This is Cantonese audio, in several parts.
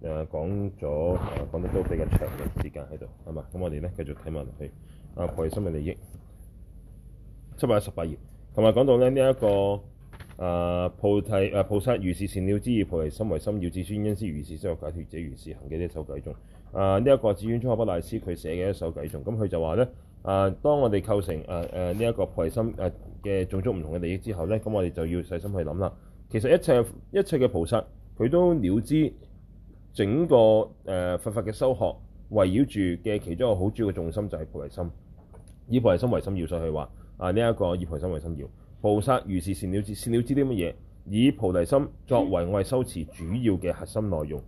誒、啊、講咗誒、啊、講得都比較長嘅時間喺度，係嘛？咁我哋咧繼續睇埋落去。阿菩提心嘅利益，七百一十八頁同埋講到咧呢一、這個誒、啊、菩提誒、啊、菩薩如是善了知，菩提心為心要自宣因師如是修學解脱者如是行嘅一首偈頌。誒呢一個智宣中學不賴師佢寫嘅一首偈頌，咁佢就話咧誒，當我哋構成誒誒呢一個菩提心誒嘅種族唔同嘅利益之後咧，咁我哋就要細心去諗啦。其實一切一切嘅菩薩佢都了知。整個誒佛法嘅修學，圍繞住嘅其中一個好主要嘅重心就係菩提心，以菩提心為心要。所以佢話：啊，呢、這、一個以菩提心為心要，菩薩如是善了知。善了知啲乜嘢？以菩提心作為我哋修持主要嘅核心內容。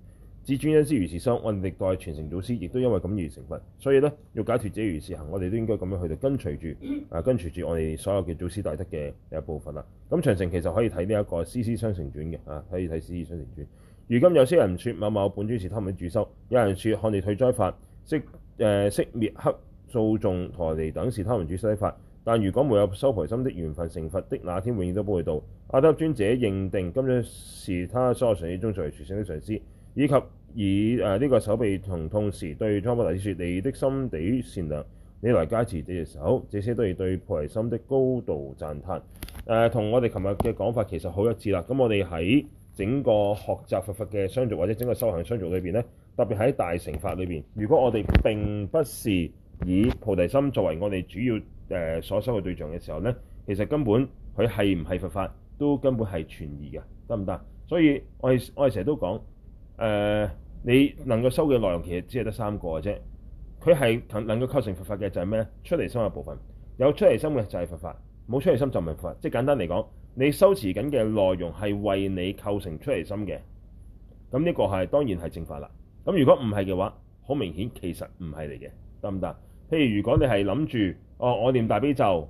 至尊恩師如是心，我哋歷代傳承祖師亦都因為咁而成佛。所以咧，欲解脫者如是行，我哋都應該咁樣去到跟隨住，啊，跟隨住我哋所有嘅祖師大德嘅一部分啦。咁長城其實可以睇呢一個《師師相承傳》嘅，啊，可以睇《師師相承傳》。如今有些人說某某本尊是他們的主修，有人說漢地退災法息、呃、息滅黑諍訟陀羅尼等是他們主修法。但如果沒有修菩提心的緣分，成佛的那天永遠都不會到。阿底峽尊者認定金洲是他所有上師中最殊勝的上師，以及以誒呢、呃這個手臂疼痛時對仲敦巴大師說，你的心地善良，你來加持這隻手，這些都是對菩提心的高度讚嘆。誒同我哋琴日嘅講法其實好一致啦。咁我哋喺整個學習佛法嘅相續，或者整個修行相續裏邊咧，特別喺大乘法裏邊，如果我哋並不是以菩提心作為我哋主要誒所修嘅對象嘅時候咧，其實根本佢係唔係佛法都根本係存疑嘅，得唔得？所以我哋我係成日都講誒、呃，你能夠修嘅內容其實只係得三個嘅啫。佢係能能夠構成佛法嘅就係咩？出離心嘅部分，有出離心嘅就係佛法，冇出離心就唔係佛法。即係簡單嚟講。你收持緊嘅內容係為你構成出嚟心嘅，咁呢個係當然係正法啦。咁如果唔係嘅話，好明顯其實唔係嚟嘅，得唔得？譬如如果你係諗住哦，我念大悲咒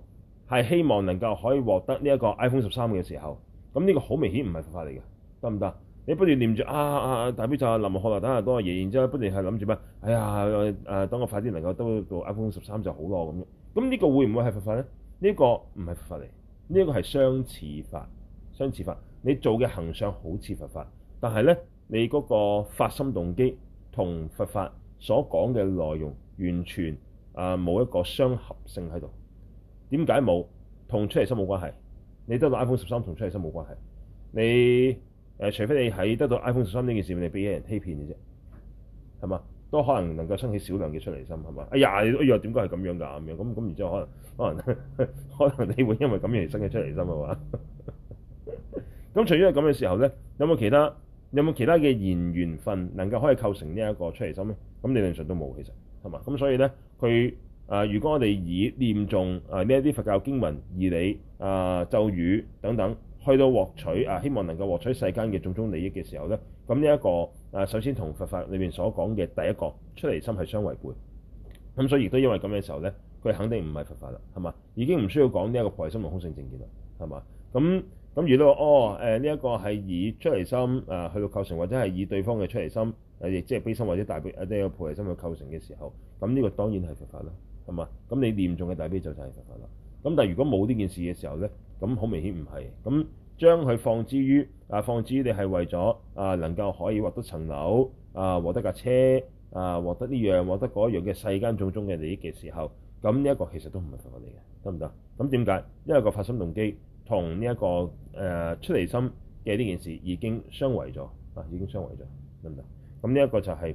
係希望能夠可以獲得呢一個 iPhone 十三嘅時候，咁呢個好明顯唔係佛法嚟嘅，得唔得？你不斷念住啊啊啊，大悲咒，淋下汗啊，等下多個嘢，然之後不斷係諗住咩？哎呀，誒、啊、等我快啲能夠得到 iPhone 十三就好咯咁樣。咁呢個會唔會係佛法咧？呢、這個唔係佛法嚟。呢一個係相似法，相似法。你做嘅行相好似佛法，但係呢，你嗰個發心動機同佛法所講嘅內容完全啊冇一個相合性喺度。點解冇？同出嚟心冇關係。你得到 iPhone 十三同出嚟心冇關係。你誒，除非你喺得到 iPhone 十三呢件事，你俾啲人欺騙嘅啫，係嘛？都可能能夠生起少量嘅出離心，係嘛？哎呀，哎呀，點解係咁樣㗎？咁樣咁咁，然之後可能可能呵呵可能你會因為咁樣而生起出離心，係嘛？咁 除咗咁嘅時候咧，有冇其他有冇其他嘅言緣分能夠可以構成呢一個出離心咧？咁理論上都冇其實，係嘛？咁所以咧，佢啊、呃，如果我哋以念誦啊呢一啲佛教經文義理啊咒語等等，去到獲取啊、呃，希望能夠獲取世間嘅種種利益嘅時候咧，咁呢一個。啊，首先同佛法裏面所講嘅第一個出離心係相違背。咁所以亦都因為咁嘅時候咧，佢肯定唔係佛法啦，係嘛？已經唔需要講呢一個菩提心同空性證見啦，係嘛？咁咁如果話哦誒呢一個係以出離心啊、呃、去到構成，或者係以對方嘅出離心啊亦、呃、即係悲心或者大悲啊即係菩提心去構成嘅時候，咁呢個當然係佛法啦，係嘛？咁你念重嘅大悲咒就係佛法啦。咁但係如果冇呢件事嘅時候咧，咁好明顯唔係咁。將佢放之於啊，放之於你係為咗啊，能夠可以獲得層樓啊，獲得架車啊，獲得呢樣獲得嗰一樣嘅世間種種嘅利益嘅時候，咁呢一個其實都唔係佛我哋嘅，得唔得？咁點解？因為個發心動機同呢一個誒、呃、出離心嘅呢件事已經相違咗啊，已經相違咗，得唔得？咁呢一個就係、是，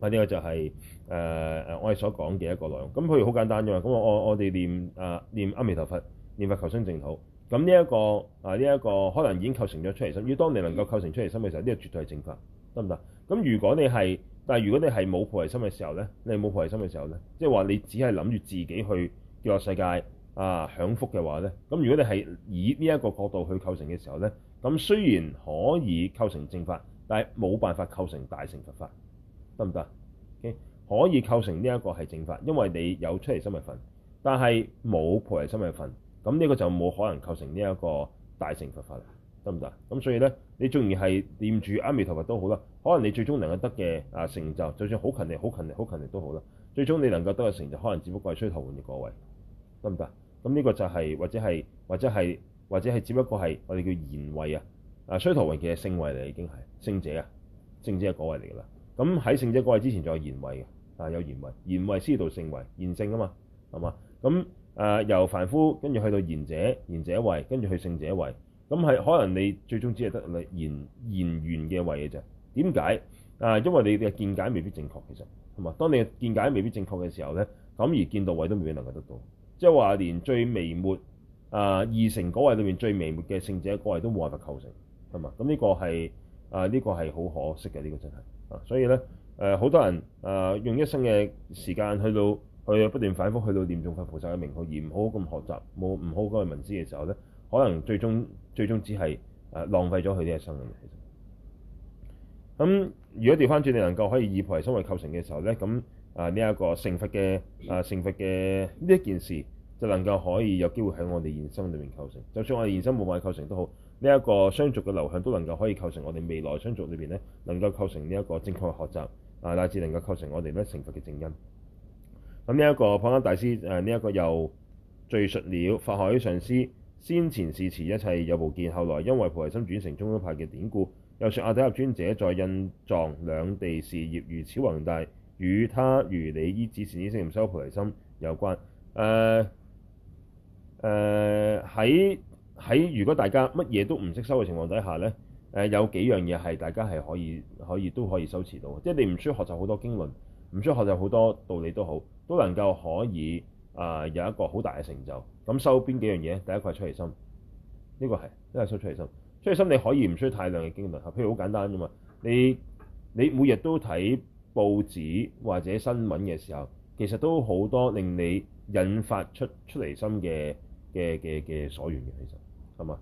啊呢、呢個就係誒誒我哋所講嘅一個內容。咁譬如好簡單嘅話，咁我我我哋念啊、呃、念阿彌陀佛，念佛求生淨土。咁呢一個啊，呢一個可能已經構成咗出離心。要當你能夠構成出離心嘅時候，呢個絕對係正法，得唔得？咁如果你係，但如果你係冇菩提心嘅時候呢，你冇菩提心嘅時候呢，即係話你只係諗住自己去嗰個世界啊享福嘅話呢。咁如果你係以呢一個角度去構成嘅時候呢，咁雖然可以構成正法，但係冇辦法構成大乘佛法，得唔得？OK，可以構成呢一個係正法，因為你有出離心嘅份，但係冇菩提心嘅份。咁呢個就冇可能構成呢一個大乘佛法啦，得唔得？咁所以咧，你縱然係念住阿彌陀佛都好啦，可能你最終能夠得嘅啊成就，就算好勤力、好勤力、好勤力都好啦，最終你能夠得嘅成就，可能只不過係衰陀羅尼嘅果位，得唔得？咁呢個就係、係、或者係，或者係，或者係只不過係我哋叫賢位啊，啊衰陀羅尼其實聖位嚟，已經係聖者啊，聖者果位嚟噶啦。咁喺聖者果位之前，仲有賢位嘅，啊有賢位，賢位先到聖位，賢聖啊嘛，係嘛？咁。誒、呃、由凡夫跟住去到賢者，賢者位跟住去聖者位，咁係可能你最終只係得你賢賢愚嘅位嘅啫。點解？啊、呃，因為你嘅見解未必正確，其實係嘛？當你嘅見解未必正確嘅時候咧，咁而見道位都未必能夠得到。即係話連最微末啊、呃、二乘嗰位裏面最微末嘅聖者嗰位都冇辦法構成，係嘛？咁呢個係啊呢個係好可惜嘅，呢個真係啊。所以咧誒，好、呃、多人啊、呃、用一生嘅時間去到，去不斷反覆去到念眾佛菩薩嘅名號，而唔好咁學習，冇唔好嗰個聞思嘅時候咧，可能最終最終只係誒浪費咗佢啲一生命。咁如果調翻轉，能夠可以以菩提心為構成嘅時候咧，咁啊呢一、這個成佛嘅啊成佛嘅呢一件事，就能夠可以有機會喺我哋現生裏面構成。就算我哋現生冇辦法構成都好，呢、這、一個相續嘅流向都能夠可以構成我哋未來相續裏邊咧，能夠構成呢一個正確嘅學習啊，乃至能夠構成我哋咧成佛嘅正因。咁呢一個帕繃喀大師誒，呢、呃、一、這個又敍述了法鎧上師先前是持一切有部見，後來因為菩提心轉成中觀派嘅典故，又説阿底峽尊者在印藏兩地事業如此宏大，與他如理依止善知識修菩提心有關。誒誒喺喺如果大家乜嘢都唔識修嘅情況底下咧，誒、呃、有幾樣嘢係大家係可以可以都可以修持到嘅，即係你唔需要學習好多經論，唔需要學習好多道理都好。都能夠可以啊、呃，有一個好大嘅成就。咁修邊幾樣嘢？第一個係出離心，呢、這個係都係修出離心。出離心你可以唔需要太量嘅經歷，譬如好簡單㗎嘛。你你每日都睇報紙或者新聞嘅時候，其實都好多令你引發出出離心嘅嘅嘅嘅所緣嘅，其實係嘛？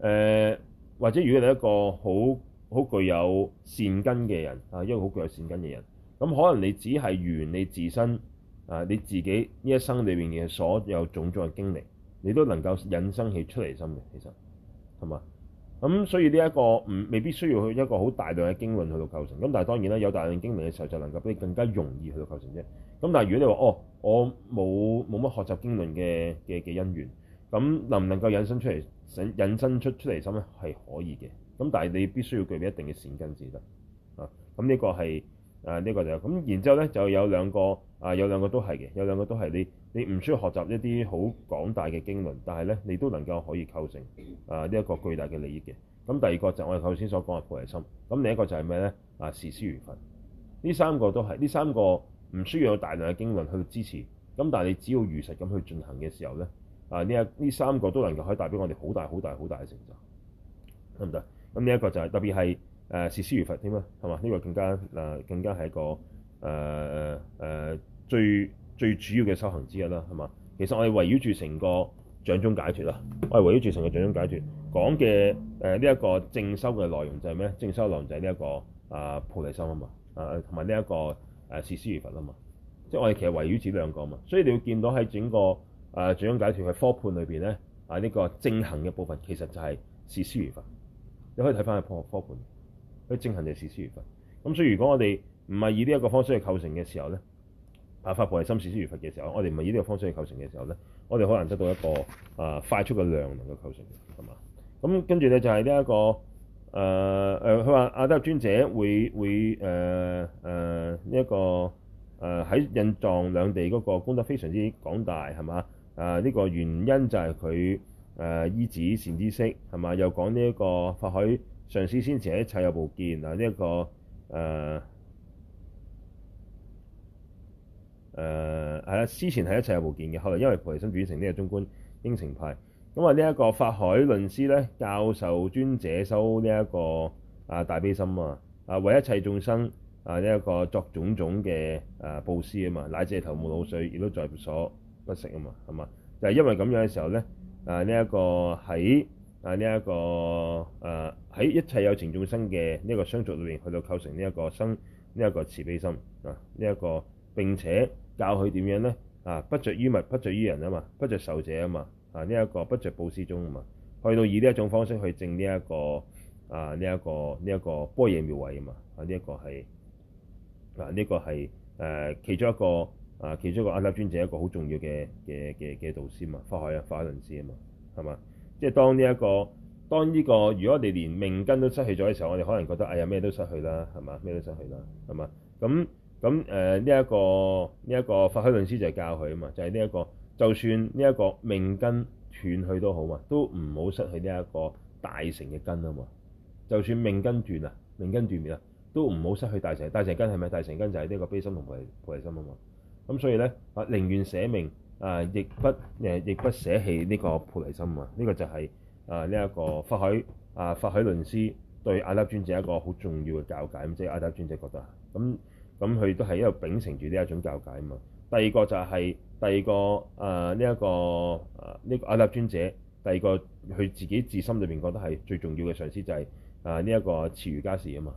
誒、呃，或者如果你一個好好具有善根嘅人啊，一個好具有善根嘅人，咁可能你只係原你自身。啊！你自己呢一生裏面嘅所有種種嘅經歷，你都能夠引生起出離心嘅，其實係嘛？咁所以呢一個唔未必需要去一個好大量嘅經論去到構成，咁但係當然啦，有大量經歷嘅時候，就能夠俾你更加容易去到構成啫。咁但係如果你話哦，我冇冇乜學習經論嘅嘅嘅因緣，咁能唔能夠引申出嚟引申出出離心咧？係可以嘅，咁但係你必須要具備一定嘅善根先得啊。咁呢個係。誒、啊、呢、這個就咁、是，然之後咧就有兩個，啊有兩個都係嘅，有兩個都係你你唔需要學習一啲好廣大嘅經論，但係咧你都能夠可以構成啊這一個巨大嘅利益嘅。咁第二個就我哋頭先所講嘅菩提心，咁另一個就係咩咧？啊時思緣分，呢三個都係，呢三個唔需要有大量嘅經論去支持，咁但係你只要如實咁去進行嘅時候咧，啊呢一呢三個都能夠可以帶俾我哋好大好大好大嘅成就，得唔得？咁呢一個就係、是、特別係。誒、啊、視師如佛添啊，係嘛？呢、這個更加誒、啊、更加係一個誒誒、啊啊、最最主要嘅修行之一啦，係嘛？其實我哋圍繞住成個掌中解脫啦，我哋圍繞住成個掌中解脫講嘅誒呢一個正修嘅內容就係咩？正修內容就係呢一個啊菩提心啊嘛，啊同埋呢一個誒、啊、視師如佛啊嘛，即係我哋其實圍繞住兩個嘛，所以你要見到喺整個誒掌中解脫嘅科判裏邊咧，啊呢、這個正行嘅部分其實就係視師如佛，你可以睇翻嘅科科判。佢正行就事事如法，咁所以如果我哋唔係以呢一個方式去構成嘅時候咧，阿法布係心事事如法嘅時候，我哋唔係以呢個方式去構成嘅時候咧，我哋好難得到一個啊、呃、快速嘅量能夠構成嘅，係嘛？咁跟住咧就係呢一個誒誒，佢話阿底峽尊者會會誒誒呢一個誒喺、呃、印藏兩地嗰個功德非常之廣大，係嘛？啊、呃、呢、這個原因就係佢誒依止善知識，係嘛？又講呢一個法鎧上師先前一切有部見，嗱呢一個誒誒係啦，之前係一切有部見嘅，後嚟因為菩提心轉成呢個中觀應成派，咁啊呢一個法海論師咧教授尊者修呢一個啊大悲心啊，啊為一切眾生啊呢一個作種種嘅誒佈施啊嘛，乃至頭目腦髓亦都在所不惜啊嘛，係嘛？就係因為咁樣嘅時候咧，啊呢一個喺啊！呢一個喺一切有情眾生嘅呢個相續裏面，去到構成呢一個生呢一個慈悲心啊！呢一個並且教佢點樣咧啊！不着於物，不着於人啊嘛，不着受者啊嘛啊！呢一個不着布施中啊嘛，去到以呢一種方式去證呢一個啊呢一個呢一個般若妙慧啊嘛啊！呢一個係啊呢個係、啊、其中一個啊其中一個阿底峽尊者一個好重要嘅嘅嘅嘅導師啊，法鎧啊，法輪師啊嘛，係嘛？即係當呢、這、一個，當呢、這個，如果我哋連命根都失去咗嘅時候，我哋可能覺得，哎呀，咩都失去啦，係嘛？咩都失去啦，係嘛？咁咁誒呢一個呢一、這個法鎧論師就教佢啊嘛，就係呢一個，就算呢一個命根斷去都好嘛，都唔好失去呢一個大乘嘅根啊嘛。就算命根斷啊，命根斷滅啊，都唔好失去大乘。大乘根係咪？大乘根就係呢個悲心同菩菩提心啊嘛。咁所以咧，我寧願捨命。誒、啊，亦不誒，亦不捨棄呢個菩提心嘛、這個就是、啊！呢個就係誒呢一個法鎧啊，法鎧論師對阿底峽尊者一個好重要嘅教誡咁，即係阿底峽尊者覺得咁咁，佢都係一路秉承住呢一種教誡啊嘛。第二個就係、是、第二個誒呢一個誒呢、啊這個、阿底峽尊者，第二個佢自己自心裏邊覺得係最重要嘅上師就係誒呢一個慈瑜伽師啊嘛。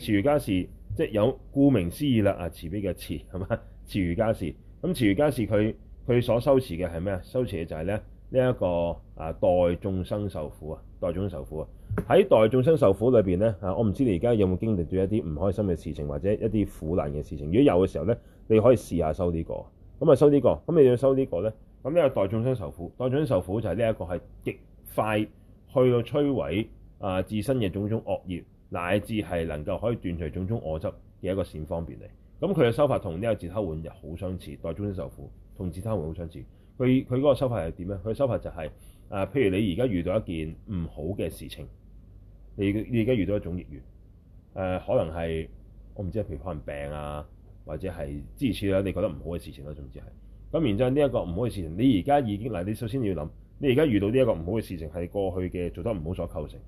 慈瑜伽師即係有顧名思義啦，啊慈悲嘅慈係咪？慈瑜伽師咁、嗯、慈瑜伽師佢。佢所修持嘅係咩啊？修持嘅就係咧呢一個啊，代眾生受苦啊，代眾生受苦啊。喺代眾生受苦裏邊咧啊，我唔知你而家有冇經歷到一啲唔開心嘅事情，或者一啲苦難嘅事情。如果有嘅時候咧，你可以試下修呢個咁啊，修呢個咁你要修呢個咧咁呢個代眾生受苦，代眾生受苦就係呢一個係極快去到摧毀啊自身嘅種種惡業，乃至係能夠可以斷除種種惡執嘅一個善方便嚟。咁佢嘅修法同呢個自他換又好相似，代眾生受苦。同自他互好相似。佢佢嗰個修法係點咧？佢修法就係、是、誒、啊，譬如你而家遇到一件唔好嘅事情，你你而家遇到一種逆緣誒，可能係我唔知，譬如可能病啊，或者係諸如此類，你覺得唔好嘅事情咯。總之係咁，那然之後呢一個唔好嘅事情，你而家已經嗱，你首先要諗，你而家遇到呢一個唔好嘅事情係過去嘅做得唔好所構成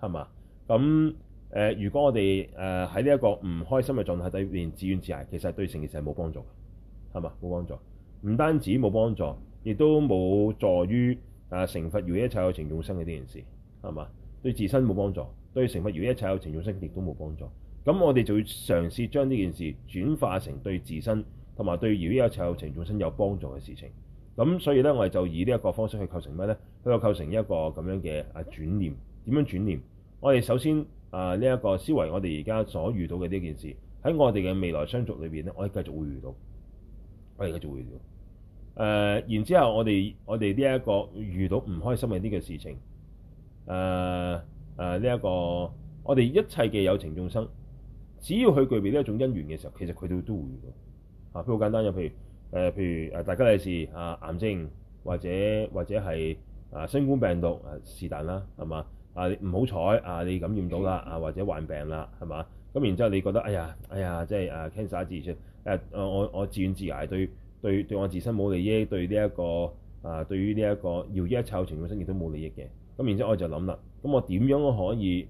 係嘛？咁誒、呃，如果我哋誒喺呢一個唔開心嘅狀態底面自怨自艾，其實對成件事係冇幫助嘅係嘛？冇幫助。唔單止冇幫助，亦都冇助於啊，成佛如一切有情眾生嘅呢件事係嘛？對自身冇幫助，對成佛如一切有情眾生亦都冇幫助。咁我哋就要嘗試將呢件事轉化成對自身同埋對如一切有情眾生有幫助嘅事情。咁所以咧，我哋就以呢一個方式去構成咩咧？去到構成一個咁樣嘅啊轉念。點樣轉念？我哋首先啊，呢、呢、一個思維，我哋而家所遇到嘅呢件事喺我哋嘅未來相續裏邊咧，我哋繼續會遇到，我哋繼續會遇到。誒、呃，然之後我哋我哋呢一個遇到唔開心嘅呢個事情，誒誒呢一個，我哋一切嘅有情眾生，只要佢具備呢一種因緣嘅時候，其實佢都都會遇到。啊，譬如好簡單嘅，譬如、呃、譬如大家例事啊，癌症或者或者係啊，新冠病毒啊，是但啦，係嘛？啊，唔好彩啊，你感染到啦，啊，或者患病啦，係嘛？咁然之後你覺得，哎呀，哎呀，即係啊 cancer 自出誒、呃，我我我自怨自艾對對對，對我自身冇利益，對呢、這、一個啊、呃，對於呢、這個、一個要一切有情眾生亦都冇利益嘅。咁然之後我就諗啦，咁我點樣可以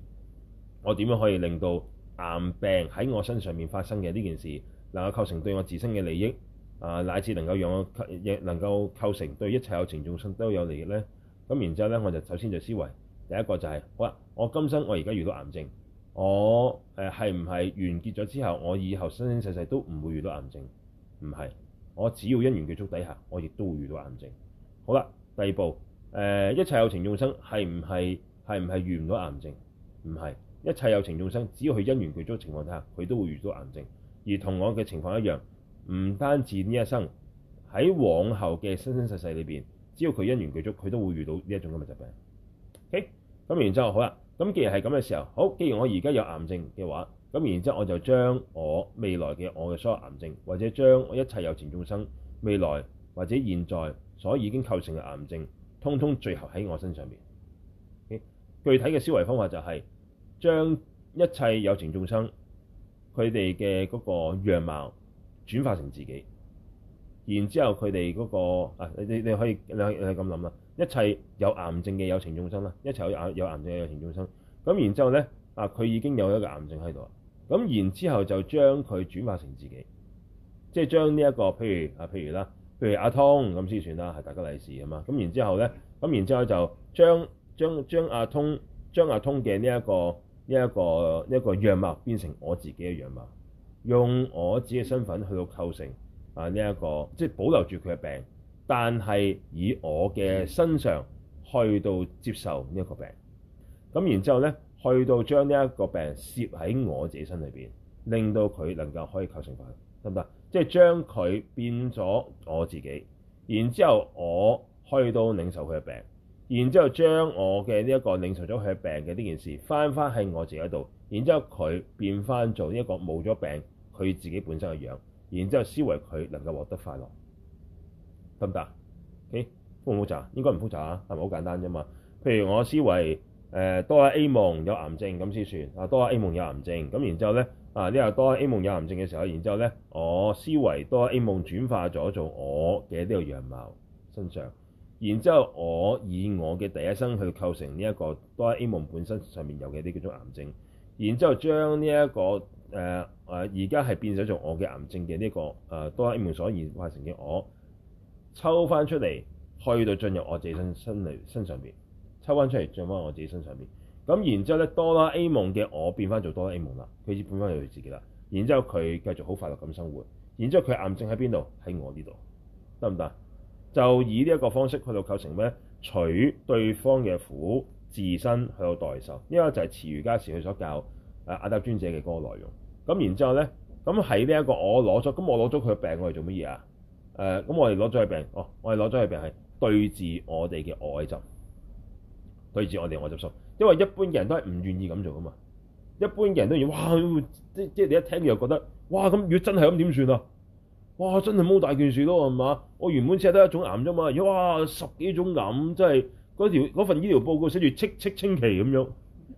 我點樣可以令到癌病喺我身上面發生嘅呢件事能夠構成對我自身嘅利益啊，乃、呃、至能夠讓我亦能夠構成對一切有情眾生都有利益呢？咁然之後呢，我就首先就思維第一個就係、是、好啦，我今生我而家遇到癌症，我誒係唔係完結咗之後，我以後生生世、世世都唔會遇到癌症？唔係。我只要因緣具足底下，我亦都會遇到癌症。好啦，第二步，誒一切有情眾生係唔係係唔係遇唔到癌症？唔係，一切有情眾生只要佢因緣具足情況下，佢都會遇到癌症。而同我嘅情況一樣，唔單止呢一生，喺往後嘅生生世世裏邊，只要佢因緣具足，佢都會遇到呢一種咁嘅疾病。OK，咁然之後好啦，咁既然係咁嘅時候，好，既然我而家有癌症嘅話。咁然之後，我就將我未來嘅我嘅所有癌症，或者將我一切有情眾生未來或者現在所已經構成嘅癌症，通通聚合喺我身上面。Okay? 具體嘅思維方法就係將一切有情眾生佢哋嘅嗰個樣貌轉化成自己，然之後佢哋嗰個啊，你你你可以你咁諗啊：一切有癌症嘅有情眾生啦，一切有癌有癌症嘅有情眾生，咁然之後呢，啊，佢已經有一個癌症喺度。咁然之後就將佢轉化成自己，即係將呢一個，譬如啊，譬如啦，譬如阿通咁先算啦，係大家利是啊嘛。咁然之後咧，咁然之後就將將將阿通將阿通嘅呢一個呢一個呢一個樣貌變成我自己嘅樣貌，用我自己嘅身份去到構成啊呢一個，即係保留住佢嘅病，但係以我嘅身上去到接受呢一個病。咁然之後咧。去到將呢一個病攝喺我自己身裏邊，令到佢能夠可以構成快樂，得唔得？即係將佢變咗我自己，然之後我去到領受佢嘅病，然之後將我嘅呢一個領受咗佢嘅病嘅呢件事翻返喺我自己度，然之後佢變翻做呢一個冇咗病佢自己本身嘅樣，然之後思維佢能夠獲得快樂，得唔得？誒，複唔複雜？應該唔複雜啊，係咪好簡單啫嘛？譬如我思維。誒多啦 A 夢有癌症咁先算，啊多啦 A 夢有癌症，咁然之後咧，啊呢個多啦 A 夢有癌症嘅時候，然之後咧，我思維多啦 A 夢轉化咗做我嘅呢個樣貌身上，然之後我以我嘅第一身去構成呢一個多啦 A 夢本身上面有嘅呢叫做癌症，然之後將呢一個誒而家係變咗做我嘅癌症嘅呢、這個誒多啦 A 夢所演化成嘅我抽翻出嚟去到進入我自身身身上面。抽翻出嚟，掙翻我自己身上邊咁，然之後咧，哆啦 A 夢嘅我變翻做哆啦 A 夢啦，佢已變翻做自己啦。然之後佢繼續好快樂咁生活。然之後佢癌症喺邊度？喺我呢度得唔得？就以呢一個方式去到構成咩？取對方嘅苦，自身去到代受，呢個就係慈瑜伽師佢所教阿阿達尊者嘅嗰個內容。咁然之後咧，咁喺呢一個我攞咗，咁我攞咗佢嘅病，我哋做乜嘢啊？誒、呃，咁我哋攞咗佢病，哦，我哋攞咗佢病係對治我哋嘅愛執。所以至我哋我接受，因為一般嘅人都係唔願意咁做㗎嘛。一般嘅人都要哇，即即你一聽又覺得哇咁，如果真係咁點算啊？哇，真係冇大件事咯，係嘛？我原本 check 得一種癌啫嘛，哇十幾種癌，真係嗰條嗰份醫療報告寫住戚戚清奇咁樣，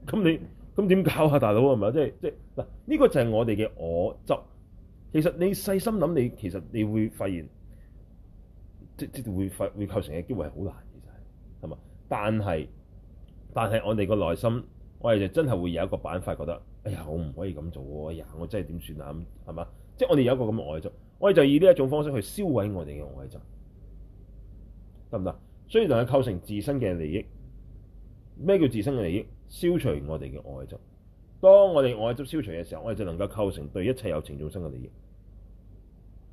咁你咁點搞啊？大佬係咪啊？即即嗱呢個就係我哋嘅我執。其實你細心諗，你其實你會發現，即即會發會構成嘅機會係好難其真係係嘛？但係。但係我哋個內心，我哋就真係會有一個板法，覺得哎呀，我唔可以咁做，哎呀，我真係點算啊？咁係嘛？即係我哋有一個咁嘅外執，我哋就以呢一種方式去銷毀我哋嘅外執，得唔得？所以能夠構成自身嘅利益。咩叫自身嘅利益？消除我哋嘅外執。當我哋外執消除嘅時候，我哋就能夠構成對一切有情眾生嘅利益，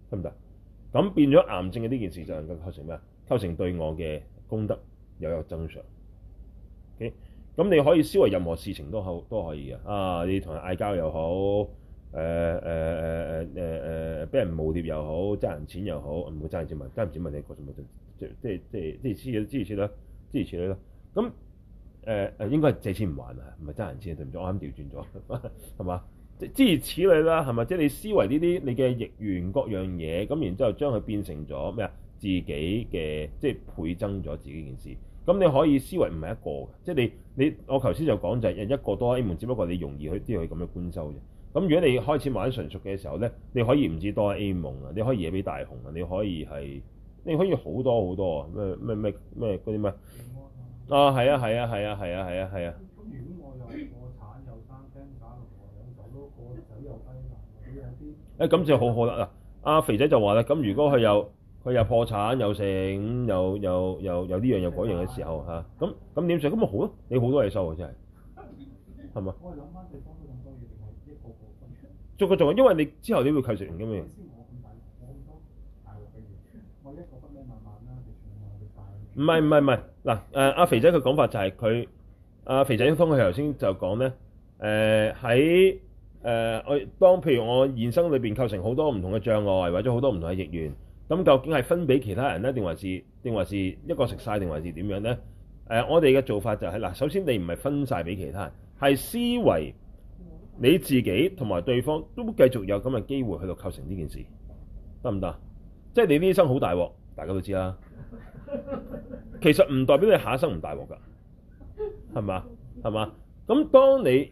得唔得？咁變咗癌症嘅呢件事就能夠構成咩啊？構成對我嘅功德又有，有增長。咁你可以思維任何事情都可都可以嘅，啊，你同人嗌交又好，誒誒誒誒誒誒，俾、呃呃、人誣衊又好，爭人錢又好，唔會爭人錢嘛，爭人錢咪你各種冇證，即即即即諸如此類啦，諸如此類啦，咁誒誒應該係借錢唔還啊，唔係爭人錢啊，對唔住我啱調轉咗，係嘛？即諸如此類啦，係咪？即、就是、你思維呢啲你嘅逆緣各樣嘢，咁然之後將佢變成咗咩啊？自己嘅即、就是、倍增咗自己件事。咁你可以思維唔係一個嘅，即係你你我頭先就講就係一個哆 A 夢，只不過你容易去啲去咁樣觀周啫。咁如果你開始玩純熟嘅時候咧，你可以唔止哆 A 夢啊，你可以嘢俾大雄啊，你可以係你可以好多好多啊，咩咩咩咩嗰啲咩啊，係啊係啊係啊係啊係啊！誒咁、啊啊啊啊啊啊、 就好好啦阿肥仔就話啦，咁如果佢有。佢又破產又成，又又又又呢樣又嗰樣嘅時候嚇，咁咁點算？咁咪好咯，你好多嘢收，真係係嘛？逐個做，因為你之後你會構成咁嘅。唔係唔係唔係嗱，誒 阿、啊啊、肥仔嘅講法就係佢阿肥仔英通佢頭先就講咧，誒喺誒我當譬如我現生裏邊構成好多唔同嘅障礙，或者好多唔同嘅逆緣。咁究竟係分俾其他人咧？定還是定還是一個食晒？定還是點樣咧？誒、呃，我哋嘅做法就係、是、嗱，首先你唔係分晒俾其他人，係思維你自己同埋對方都繼續有咁嘅機會去到構成呢件事，得唔得？即係你呢生好大鑊，大家都知啦。其實唔代表你下一生唔大鑊㗎，係嘛？係嘛？咁當你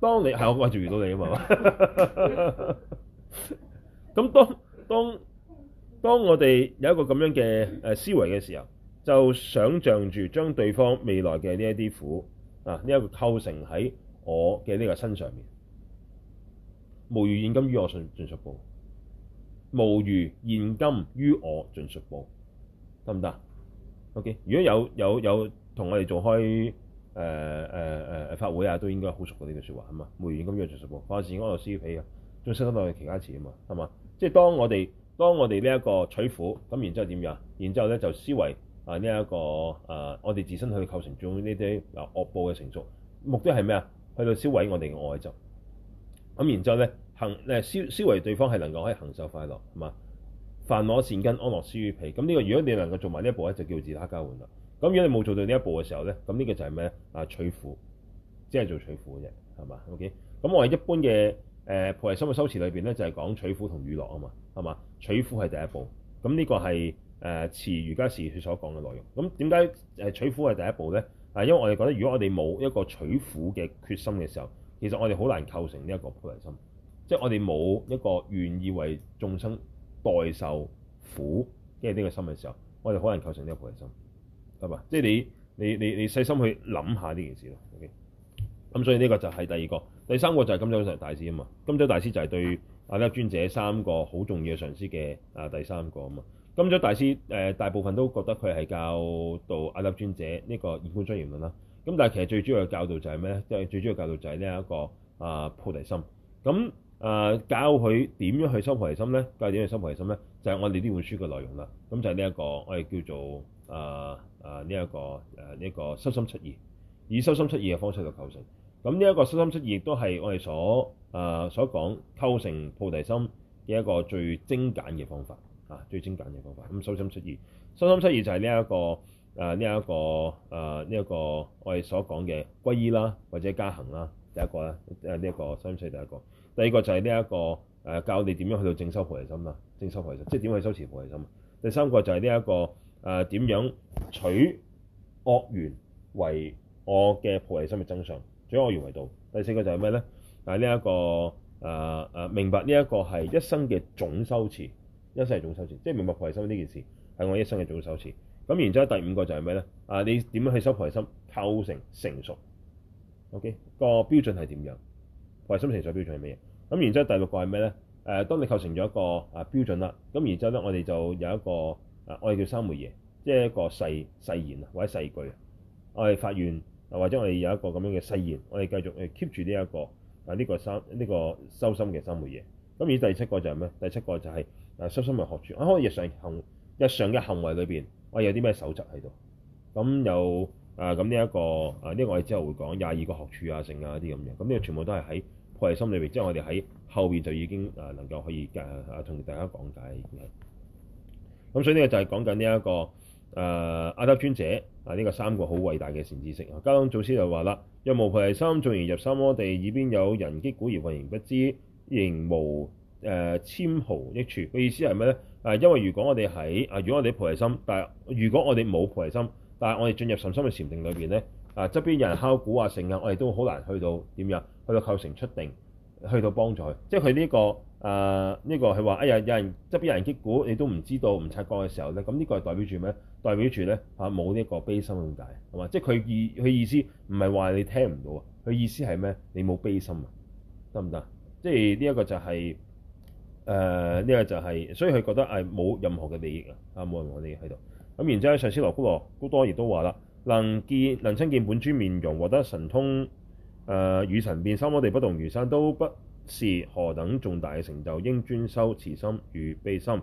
當你係我係仲遇到你啊嘛？咁當 當。當當我哋有一個咁樣嘅誒思維嘅時候，就想像住將對方未來嘅呢一啲苦啊，呢一個構成喺我嘅呢個身上面，無餘現金於我盡盡屬報，無餘現金於我盡屬部，得唔得？OK，如果有有有同我哋做開誒誒誒法會啊，都應該好熟過呢句説話啊嘛。無餘現金於我盡屬部，凡事安樂屍皮啊，仲識得攞佢其他錢啊嘛，係嘛？即係當我哋。當我哋呢一個取苦咁，那然之後點樣？然之後咧就思維啊呢一個啊、呃，我哋自身去構成中呢啲啊惡報嘅成熟目的係咩啊？去到消毀我哋嘅愛執咁，那然之後咧行誒思思維對方係能夠可以享受快樂係嘛？凡我善根安樂施於彼咁呢個。如果你能夠做埋呢一步咧，就叫自他交換啦。咁如果你冇做到呢一步嘅時候咧，咁呢個就係咩啊？取苦即係做取苦嘅啫係嘛？OK，咁我哋一般嘅誒菩提心嘅修持裏邊咧就係、是、講取苦同娛樂啊嘛。係嘛？取苦係第一步，咁呢個係誒、呃《慈瑜伽師》所講嘅內容。咁點解誒取苦係第一步咧？啊，因為我哋覺得如果我哋冇一個取苦嘅決心嘅時候，其實我哋好難構成呢一個菩提心。即係我哋冇一個願意為眾生代受苦跟住呢個心嘅時候，我哋好難構成呢個菩提心。係嘛？即係你你你你細心去諗下呢件事咯。咁、OK? 所以呢個就係第二個，第三個就係金洲大師啊嘛。金洲大師就係對，阿底峽尊者三個好重要嘅上師嘅啊，第三個啊嘛，金洲大師大部分都覺得佢係教導阿底峽尊者呢個二觀莊嚴論啦。咁但係其實最主要嘅教導就係咩咧？最主要的教導就係呢一個啊菩提心。咁啊教佢點樣去修菩提心咧？教佢點去修菩提心咧？就係、是、我哋呢本書嘅內容啦。咁就係呢一個我哋叫做啊啊呢一個誒呢、這個修心出義，以修心出義嘅方式去構成。咁呢一個修心七義，亦都係我哋所啊所講構成菩提心嘅一個最精簡嘅方法啊，最精簡嘅方法，咁修心七義，修心七義就係呢一個啊呢一個啊呢一個我哋所講嘅歸依啦，或者加行啦，第一個啦誒呢一個修心七義第一個第二個就係呢一個誒、呃、教你點樣去到正修菩提心啦，正修菩提心，即係點去修持菩提心啊。第三個就係呢一個誒、點、呃、樣取惡緣為我嘅菩提心嘅增上。所以我以原為道，第四個就係咩咧？啊呢一、這個啊啊、呃、明白呢一個係一生嘅總修持，一生係總修持，即、就、係、是、明白菩提心呢件事係我一生嘅總修持。咁然之後第五個就係咩咧？啊你點樣去修菩提心？構成成熟，OK 個標準係點樣？菩提心成熟標準係咩嘢？咁然之後第六個係咩咧？誒、啊，當你構成咗一個啊標準啦，咁然之後咧，我哋就有一個啊，我哋叫三昧耶，即、就、係、是、一個誓誓言啊或者誓句啊，我哋發願。或者我哋有一個咁樣嘅誓言，我哋繼續誒 keep 住呢一個，啊、呢、呢個心呢、呢個修心嘅生活嘢。咁而第七個就係咩？第七個就係啊修心嘅學處。啊，可能日常行日常嘅行為裏邊，我有啲咩守則喺度？咁有啊咁呢一個啊呢、呢個我哋之後會講廿二個學處啊，剩啊啲咁樣。咁呢個全部都係喺內心裏邊，即係我哋喺後面就已經啊能夠可以誒同、啊、大家講解。咁、啊、所以呢個就係講緊呢一個。誒、呃、阿底峽尊者啊，呢、這個三個好偉大嘅善知識啊！噶當祖師就話啦：若無菩提心，縱然入三摩地，耳邊有人擊鼓而渾然不知，仍無誒纖毫益處。個意思係咩咧？誒、啊，因為如果我哋喺啊，如果我哋菩提心，但係如果我哋冇菩提心，但係我哋進入甚深嘅禪定裏邊咧，啊側邊有人敲鼓啊剩啊，等等我哋都好難去到點樣，去到構成出定，去到幫助佢。即係佢呢個誒呢個，佢、啊、話、這個：哎呀，有人側邊有人擊鼓，你都唔知道唔察覺嘅時候咧，咁、嗯、呢、這個係代表住咩？代表住咧嚇冇呢一個悲心咁解，係嘛？即係佢意佢意思唔係話你聽唔到啊，佢意思係咩？你冇悲心啊，得唔得？即係呢一個就係誒呢個就係、是，所以佢覺得係冇任何嘅利益啊，啊冇任何利益喺度。咁、啊、然之後上羅怙羅，上師羅怙羅鞠多亦都話啦：能見能親見本尊面容，獲得神通誒、呃、與神變，三摩地不動如山，都不是何等重大嘅成就，應專修慈心與悲心。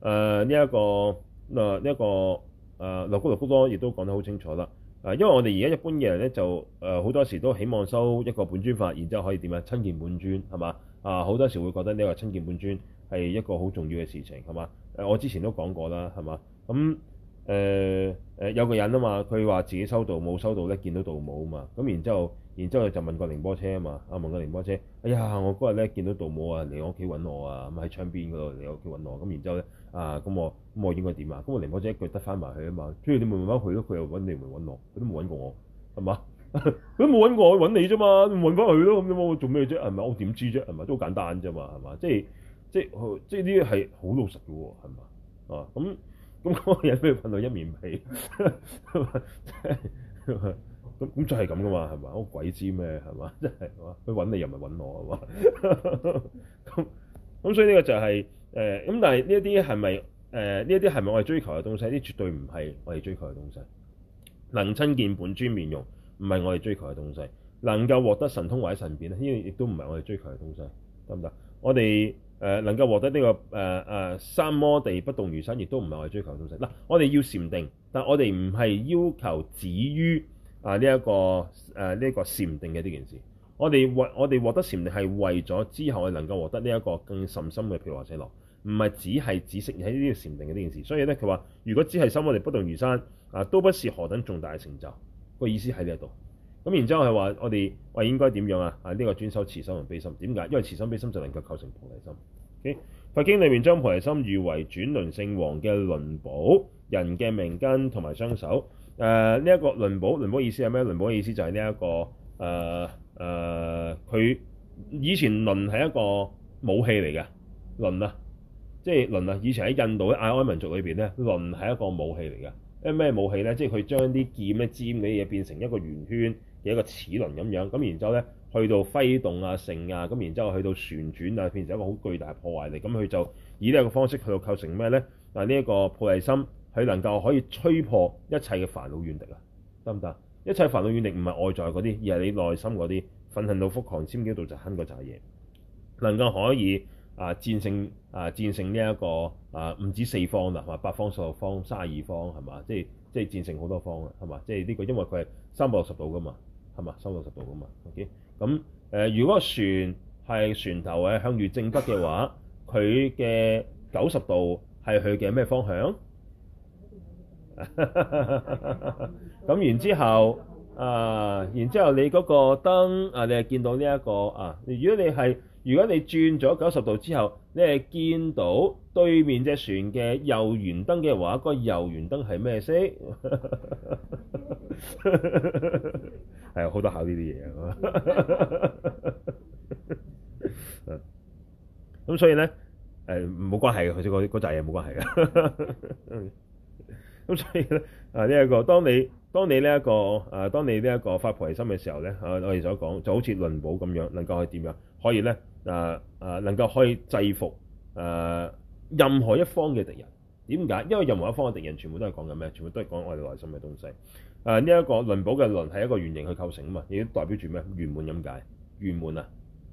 誒呢一個誒呢一個。呃這個呃、六谷六谷高亦都講得好清楚啦。誒、呃，因為我哋而家一般嘅人咧，就誒好、呃、多時都希望收一個本尊法，然之後可以點啊，親見本尊係嘛？啊，好、呃、多時會覺得呢個親見本尊係一個好重要嘅事情係嘛？誒、呃，我之前都講過啦，係嘛？咁誒誒有個人啊嘛，佢話自己收到冇收到咧，見到道母啊嘛。咁然之後，然之後就問個寧波車啊嘛，問個寧波車，哎呀，我嗰日咧見到道母啊嚟我屋企揾我啊，咁喺窗邊嗰度嚟我屋企揾我，咁然之後咧。啊，咁我咁我應該點啊？咁我寧波仔一腳得翻埋佢啊嘛！跟住你慢慢去咯，佢又揾你唔會揾我，佢都冇揾過我，係嘛？佢 都冇揾過我揾你啫嘛，你揾翻佢咯，咁你冇做咩啫？係咪？我點知啫？係咪？都好簡單啫嘛，係嘛？即係即係即係呢啲係好老實嘅喎，係嘛？啊，咁咁嗰個嘢俾佢問到一面皮，係 嘛真的？咁 咁就係咁噶嘛，係嘛？我鬼知咩？係嘛？即係，佢揾你又唔係揾我係嘛？咁咁 所以呢個就係、是。誒、呃、咁，但係呢一啲係咪誒？呢一啲係咪我哋追求嘅東西？呢絕對唔係我哋追求嘅東西。能親見本尊面容，唔係我哋追求嘅東西。能夠獲得神通或者神變呢呢亦都唔係我哋追求嘅東西，得唔得？我哋誒、呃、能夠獲得呢、這個誒誒、呃啊、三摩地不動如山，亦都唔係我哋追求嘅東西。嗱、呃，我哋要禪定，但我哋唔係要求止於啊呢一個誒呢一個禪定嘅呢件事。我哋為、呃、我哋獲得禪定係為咗之後係能夠獲得呢一個更甚深嘅譬如話正落。唔係只係只識喺呢條禪定嘅呢件事，所以咧佢話：如果只係心我哋不動如山啊，都不是何等重大嘅成就。個意思喺呢度。咁然之後係話我哋喂應該點樣啊？啊呢個專修慈心同悲心點解？因為慈心悲心就能夠構成菩提心。Okay?《佛經》裡面將菩提心譽為轉輪聖王嘅輪寶，人嘅命根同埋雙手。誒呢一個輪寶，輪寶意思係咩？輪寶嘅意思就係呢一個誒誒佢以前輪係一個武器嚟嘅輪啊。即係輪啊！以前喺印度嘅亞安民族裏邊咧，輪係一個武器嚟嘅。誒咩武器咧？即係佢將啲劍咧尖嘅嘢變成一個圓圈，嘅一個齒輪咁樣。咁然之後咧，去到揮動啊、勝啊，咁然之後去到旋轉啊，變成一個好巨大嘅破壞力。咁佢就以呢一個方式去到構成咩咧？嗱，呢一個菩提心，佢能夠可以摧破一切嘅煩惱怨敵啊，得唔得？一切煩惱怨敵唔係外在嗰啲，而係你內心嗰啲。憤恨到瘋狂，尖叫度就坑嗰扎嘢，能夠可以。啊，戰勝啊，戰勝呢、這、一個啊，唔止四方啦，係嘛，八方、十六方、三十二方係、這個、嘛，即係即係戰勝好多方啊，係嘛，即係呢個因為佢係三百六十度噶嘛，係嘛，三百六十度噶嘛，OK，咁誒，如果船係船頭係向住正北嘅話，佢嘅九十度係佢嘅咩方向？咁 然之後啊，然之後你嗰個燈啊，你係見到呢、這、一個啊，如果你係。如果你轉咗九十度之後，你係見到對面隻船嘅右舷燈嘅話，個右舷燈係咩色？係 好多考呢啲嘢，咁，所以咧，誒 冇、嗯、關係嘅，佢嗰嗰扎嘢冇關係嘅。咁 所以咧啊呢一個當你當你呢、這、一個當你呢一個發菩提心嘅時候咧，我哋所講就好似輪寶咁樣，能夠可以點樣可以咧能夠可以制服、呃、任何一方嘅敵人？點解？因為任何一方嘅敵人全部都係講緊咩？全部都係講我哋內心嘅東西誒。呢、呃、一、這個輪寶嘅輪係一個圓形去構成啊嘛，亦都代表住咩？圓滿咁解，圓滿啊，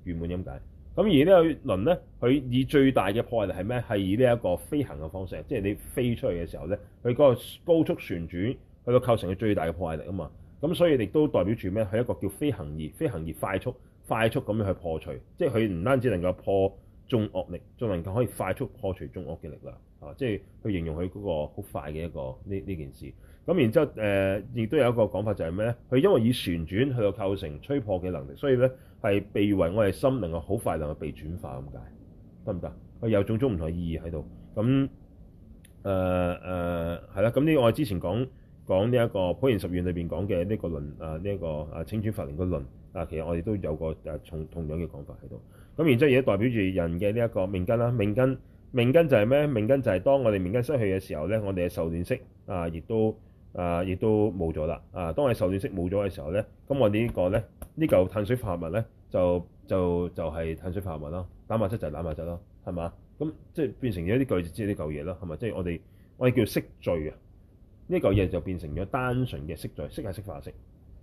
圓滿咁解。咁而呢個輪咧，佢以最大嘅破壞力係咩？係以呢一個飛行嘅方式，即係你飛出去嘅時候咧，佢嗰個高速旋轉，佢個構成嘅最大嘅破壞力啊嘛。咁所以亦都代表住咩？佢一個叫飛行而飛行而快速快速咁樣去破除，即係佢唔單止能夠破中惡力，仲能夠可以快速破除中惡嘅力量啊！即係去形容佢嗰個好快嘅一個呢呢件事。咁然之後呃，亦都有一個講法就係咩咧？佢因為以旋轉去到構成摧破嘅能力，所以咧。係被譽為我哋心能夠好快能夠被轉化咁解，得唔得？佢有種種唔同嘅意義喺度。咁誒誒係啦。咁、呃、呢，呃、我哋之前講講呢一個,普裡面的這個《普賢十願》裏邊講嘅呢個輪啊，呢、這、一個啊請轉法輪嘅輪啊，其實我哋都有個誒、啊、同同樣嘅講法喺度。咁然之後亦都代表住人嘅呢一個命根啦。命根命根就係咩？命根就係當我哋命根失去嘅時候咧，我哋嘅壽暖識，啊，亦都。啊，亦都冇咗啦！啊，當係受想識冇咗嘅時候咧，咁我個呢講咧？呢、這、嚿、個、碳水化合物咧，就就就係、是、碳水化合物咯，蛋白質就係蛋白質咯，係嘛？咁即係變成咗呢句，呢嚿嘢咯，係咪？即係我哋我哋叫色聚啊，呢嚿嘢就變成咗、就是這個、單純嘅色聚，色係色化式，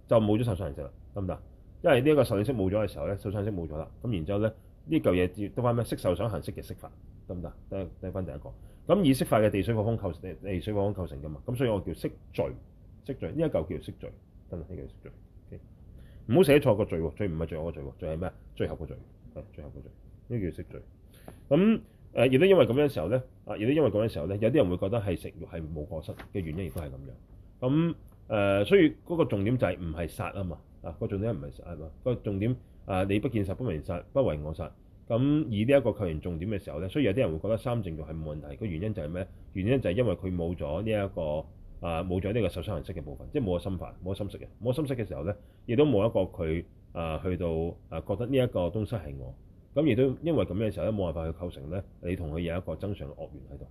就冇咗受想行識啦，得唔得？因為呢個受想識冇咗嘅時候咧，受想識冇咗啦，咁然之後咧，呢嚿嘢得翻咩？色受想行識嘅色法，得唔得？得得翻第一個。咁以釋法嘅地水火風構地水火風構成噶嘛？咁所以我叫釋罪，釋罪呢一嚿叫釋罪，真係呢個釋罪。唔好、這個 okay? 寫錯個罪，罪唔係罪，我個罪，罪係咩？最後個罪，係最後個罪，呢、這個、叫釋罪。咁、嗯、誒，亦、呃、都因為咁樣時候咧，啊、呃，亦都因為咁樣時候咧，有啲人會覺得係食肉係冇過失嘅原因，亦都係咁樣。咁、嗯呃、所以嗰個重點就係唔係殺啊嘛？啊，個重點唔係殺啊，個重點，那個、重點啊，你不見殺不明殺不為我殺。咁以呢一個構成重點嘅時候咧，所以有啲人會覺得三淨肉係冇問題。個原因就係咩？原因就係因，因為佢冇咗呢一個啊，冇咗呢個受想行識嘅部分，即係冇個心法，冇個心識嘅冇個心識嘅時候咧，亦都冇一個佢啊、呃、去到啊覺得呢一個東西係我咁，亦都因為咁嘅時候咧，冇辦法去構成咧你同佢有一個正常嘅惡緣喺度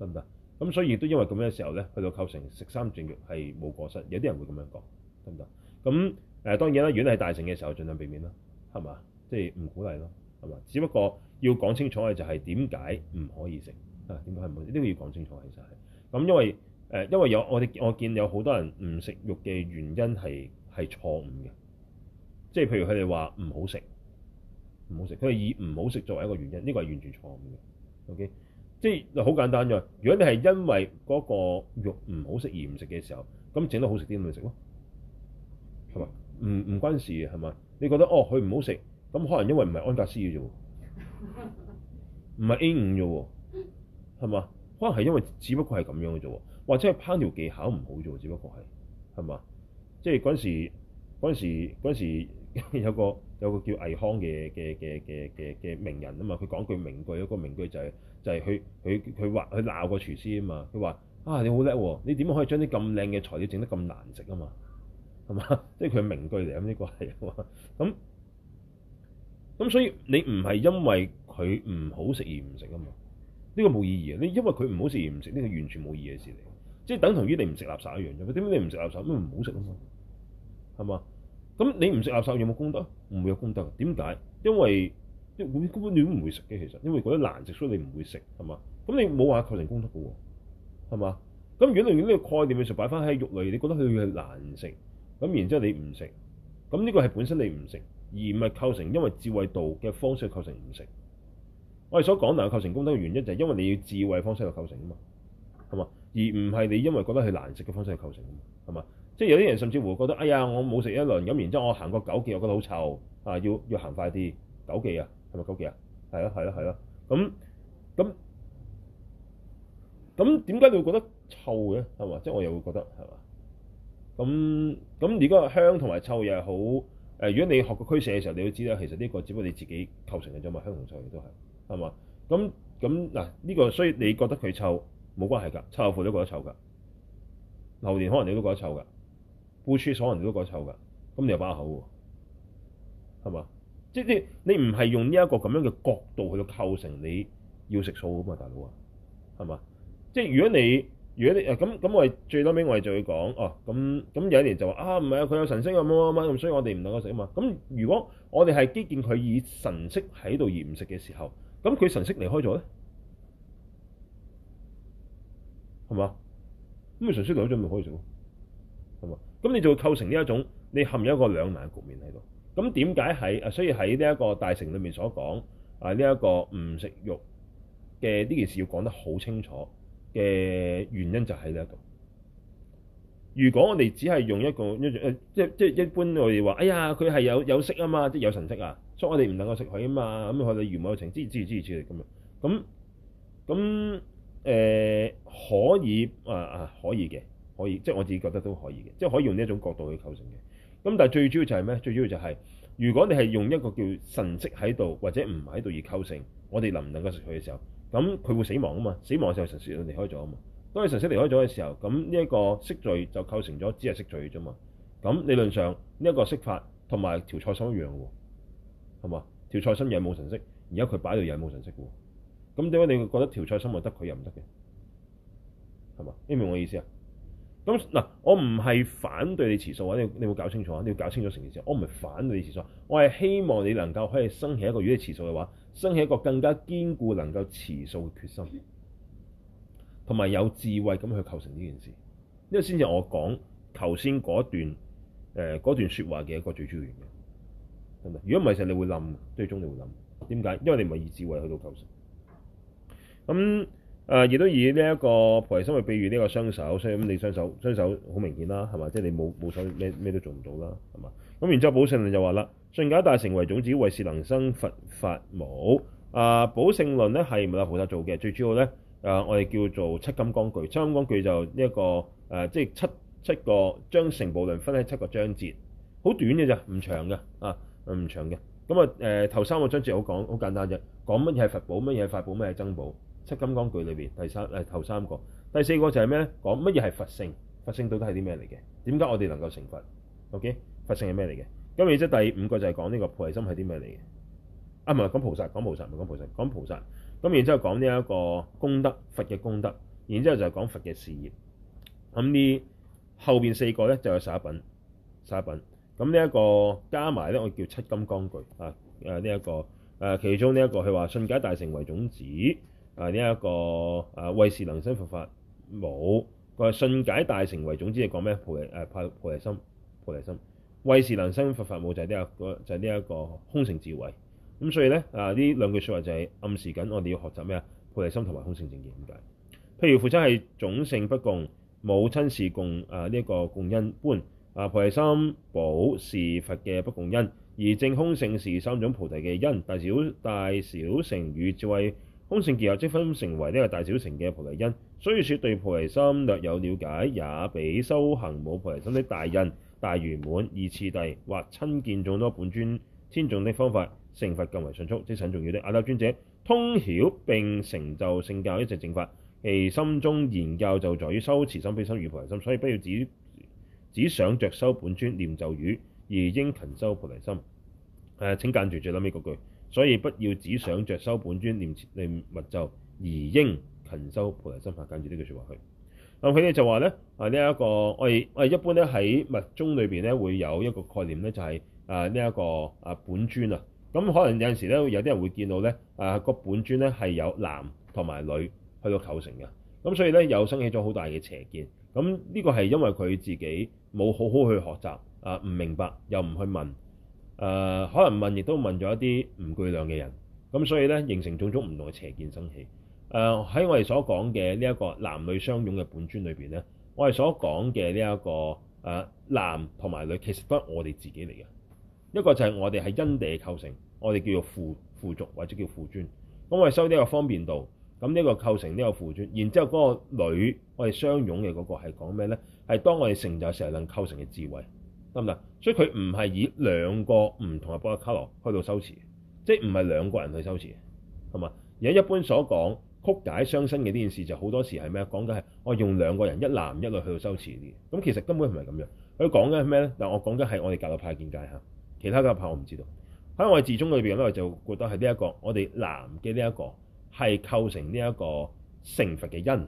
得唔得？咁所以亦都因為咁樣嘅時候咧，去到構成食三淨肉係冇過失。有啲人會咁樣講得唔得？咁誒、呃、當然啦，如果係大乘嘅時候盡量避免啦，係嘛？即係唔鼓勵咯。係嘛？只不過要講清楚嘅就係點解唔可以食啊？點解係唔可以？呢個要講清楚，其實係咁，因為誒，因為有我哋我見有好多人唔食肉嘅原因係係錯誤嘅，即係譬如佢哋話唔好食，唔好食，佢係以唔好食作為一個原因，呢個係完全錯誤嘅。OK，即係好簡單嘅。如果你係因為嗰個肉唔好食而唔食嘅時候，咁整得好食啲咪食咯？係咪？唔唔關事係咪？你覺得哦，佢唔好食。咁可能因為唔係安格斯嘅啫喎，唔係 A 五啫喎，係嘛？可能係因為只不過係咁樣嘅啫喎，或者係烹調技巧唔好啫喎，只不過係，係嘛？即係嗰陣時嗰陣時嗰陣時有個有個叫魏康嘅嘅嘅嘅嘅嘅名人啊嘛，佢講句名句，一個名句就係就係佢佢佢話，佢鬧個廚師啊嘛，佢話啊，你好叻喎，你點可以將啲咁靚嘅材料整得咁難食啊嘛，係嘛？即係佢名句嚟咁，呢個係咁。嗯咁所以你唔係因為佢唔好食而唔食啊嘛？呢個冇意義啊！你因為佢唔好食而唔食，呢個完全冇意義嘅事嚟，即係等同於你唔食垃圾一樣啫。點解你唔食垃圾？因為唔好食啊嘛，係嘛？咁你唔食垃圾有冇功德？唔會有功德。點解？因為根本根本你唔會食嘅，其實因為覺得難食，所以你唔會食，係嘛？咁你冇話構成功德嘅喎，係嘛？咁如果論呢個概念嘅時候，擺翻喺肉類，你覺得佢係難食，咁然之後你唔食，咁呢個係本身你唔食。而唔係構成，因為智慧度嘅方式去構成唔食。我哋所講難嘅構成功德嘅原因，就係因為你要智慧方式去構成啊嘛，係嘛？而唔係你因為覺得係難食嘅方式去構成啊嘛，係嘛？即係有啲人甚至乎覺得，哎呀，我冇食一輪咁，然之後我行過九記我覺得好臭啊，要要行快啲九記啊，係咪九記啊？係咯係咯係咯，咁咁咁點解你會覺得臭嘅？係嘛？即係我又會覺得係嘛？咁咁如果香同埋臭嘢係好。誒，如果你學過俱舍嘅時候，你都知啦，其實呢個只不過你自己構成嘅啫嘛，香紅菜亦都係，係嘛？咁咁嗱，呢個所以你覺得佢臭，冇關係㗎，臭豆腐都覺得臭㗎，榴蓮可能你都覺得臭㗎，布處所可能你都覺得臭㗎，咁你又把口喎，係嘛？即係你唔係用呢一個咁樣嘅角度去到構成你要食素㗎嘛，大佬啊，係嘛？即係如果你。如果啲誒咁咁，我哋最，最後屘，我哋就要講哦。咁咁有啲人就話啊，唔係啊，佢、啊、有神識咁啊啊啊，咁所以我哋唔能夠食啊嘛。咁如果我哋係基見佢以神識喺度而唔食嘅時候，咁佢神識離開咗咧，係咪？咁佢神識離開咗咪可以食，係嘛？咁你就會構成呢一種你陷入一個兩難嘅局面喺度。咁點解喺啊？所以喺呢一個大乘裏面所講啊，呢、這、一個唔食肉嘅呢件事要講得好清楚。嘅原因就喺呢一度。如果我哋只係用一個一誒，即即一般我哋話，哎呀，佢係有有識啊嘛，即係有神識啊，所以我哋唔能夠食佢啊嘛。咁佢哋如無情，之之之之咁樣。咁咁誒可以啊啊可以嘅，可以即係我自己覺得都可以嘅，即係可以用呢一種角度去構成嘅。咁但係最主要就係咩？最主要就係如果你係用一個叫神識喺度，或者唔喺度而構成，我哋能唔能夠食佢嘅時候？咁佢會死亡噶嘛？死亡嘅時候神識離開咗啊嘛。當你神識離開咗嘅時候，咁呢一個色聚就構成咗只係色聚啫嘛。咁理論上呢一個色法同埋條菜心一樣喎，係嘛？條菜心又冇神識，而家佢擺喺度又冇神識喎。咁點解你會覺得條菜心又得佢又唔得嘅？係嘛？你明唔明我意思啊？咁嗱，我唔係反對你持素啊！你你有搞清楚啊？你要搞清楚成件事。我唔係反對你持素，我係希望你能夠可以生起一個魚嘅持素嘅話。生起一個更加堅固、能夠持素嘅決心，同埋有,有智慧咁去構成呢件事，呢個先至我講頭先嗰段誒、呃、段説話嘅一個最主要原因，係咪？如果唔係，成日你會冧，最終你會冧。點解？因為你唔係以智慧去到構成。咁、嗯、誒，亦、呃、都以呢、這、一個菩提心去比喻呢個雙手，所以咁你雙手雙手好明顯啦，係嘛？即係你冇冇所咩咩都做唔到啦，係嘛？咁然之後，《寶性論》就話啦：信解大乘為種子，慧是能生佛法母。啊，《寶性論》咧係咪阿菩薩做嘅？最主要咧，啊，我哋叫做七金剛句。七金剛句就呢一、這個誒，即、啊、係、就是、七七個將成部論分喺七個章節，好短嘅咋，唔長嘅啊，唔長嘅。咁啊誒、呃、頭三個章節好講，好簡單啫，講乜嘢係佛寶，乜嘢係法寶，乜嘢係僧寶。七金剛句裏邊第三誒、啊、頭三個，第四個就係咩咧？講乜嘢係佛性？佛性到底係啲咩嚟嘅？點解我哋能夠成佛？OK。佛性係咩嚟嘅？咁然之後第五個就係講呢個菩提心係啲咩嚟嘅？啊，唔係講菩薩，講菩薩唔係講菩薩，講菩薩。咁然之後講呢一個功德，佛嘅功德。然之後就係講佛嘅事業。咁呢後邊四個咧就有十一品，十一品。咁呢一個加埋咧，我叫七金剛具啊。誒、啊，呢、這、一個誒、啊，其中呢、這、一個佢話信解大乘為種子。誒、啊，呢、這、一個誒、啊、慧是能生佛法。冇，佢話信解大乘為種子係講咩？菩提誒，菩提、啊、心，菩提心。慧是能生佛法母，就係呢一個就係呢一個空性智慧。咁所以咧啊，呢兩句説話就係暗示緊我哋要學習咩啊？菩提心同埋空性正見。點解？譬如父親係種性不共，母親是共啊呢一、這個共因般。般啊，菩提心寶是佛嘅不共因，而證空性是三種菩提嘅因，大小、大小乘與智慧，空性結合積分成為呢個大小乘嘅菩提因。所以說，對菩提心略有了解，也比修行冇菩提心的大印。大圓滿二次第或親見眾多本尊天眾的方法成佛更為迅速，即係很重要的。阿底峽尊者通曉並成就聖教一切正法，其心中言教就在於修慈心、悲心與菩提心，所以不要只只想着修本尊念咒語，而應勤修菩提心。誒、啊，請間住再諗呢個句，所以不要只想着修本尊念念密咒，而應勤修菩提心。拍、啊、間住呢句説話去。咁佢哋就話咧，啊呢一個我哋我哋一般咧喺物宗裏邊咧會有一個概念咧，就係啊呢一個啊本尊啊。咁可能有陣時咧，有啲人會見到咧，啊個本尊咧係由男同埋女去到構成嘅。咁所以咧又生起咗好大嘅邪見。咁呢個係因為佢自己冇好好去學習啊，唔明白又唔去問。誒、可能問亦都問咗一啲唔具量嘅人。咁所以咧形成種種唔同嘅邪見生起。誒、呃、喺我哋所講嘅呢一個男女相擁嘅本尊裏面，咧，我哋所講嘅呢一個、呃、男同埋女其實都係我哋自己嚟嘅。一個就係我哋係因地構成，我哋叫做父父族或者叫父尊。咁我哋修呢個方便度，咁呢個構成呢個父尊，然之後嗰個女我哋相擁嘅嗰個係講咩咧？係當我哋成就成能構成嘅智慧，得唔得？所以佢唔係以兩個唔同嘅補特伽羅去到修持，即唔係兩個人去修持，係嘛？而家一般所講。曲解雙身嘅呢件事，就好多時係咩？講緊係我用兩個人一男一女去到修持啲，咁其實根本唔係咁樣。佢講嘅係咩咧？但我講緊係我哋格魯派嘅見解嚇，其他教派我唔知道。喺我哋自宗裏邊咧，我就覺得係呢一個我哋男嘅呢一個係構成呢一個成佛嘅因。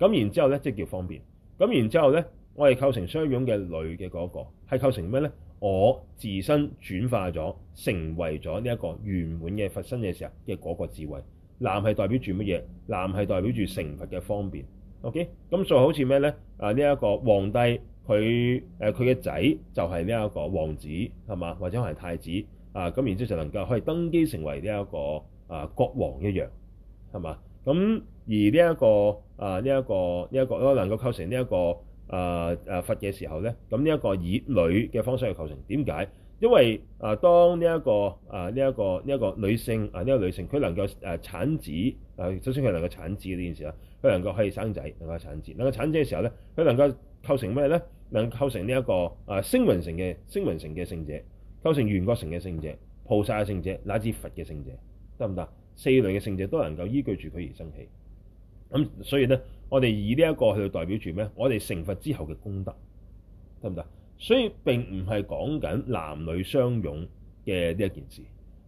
咁然之後咧，即、就是、叫方便。咁然之後咧，我哋構成相擁嘅女嘅嗰、那個係構成咩咧？我自身轉化咗成為咗呢一個圓滿嘅佛身嘅時候，嘅係嗰個智慧。男係代表住乜嘢？男係代表住成佛嘅方便。OK，咁所以好似咩咧？啊，呢一個皇帝佢誒佢嘅仔就係呢一個王子係嘛，或者係太子啊，咁然之後就能夠可以登基成為呢一個啊國王一樣係嘛？咁而呢一個啊呢一個呢一個都能夠構成呢一個啊啊佛嘅時候咧，咁呢一個以女嘅方式去構成點解？為什麼因為啊、這個，當呢一個啊，呢一個呢一個女性啊，呢個女性，佢、這個、能夠誒產子啊，首先佢能夠產子呢件事啦，佢能夠可以生仔，能夠產子，能夠產子嘅時候咧，佢能夠構成咩咧？能構成呢、這、一個啊，聲聞乘嘅聲聞乘嘅聖者，構成緣覺乘嘅聖者、菩薩嘅聖者，乃至佛嘅聖者，得唔得？四類嘅聖者都能夠依據住佢而生起。咁、嗯、所以咧，我哋以呢一個去代表住咩？我哋成佛之後嘅功德，得唔得？所以並唔係講緊男女相擁嘅呢一件事，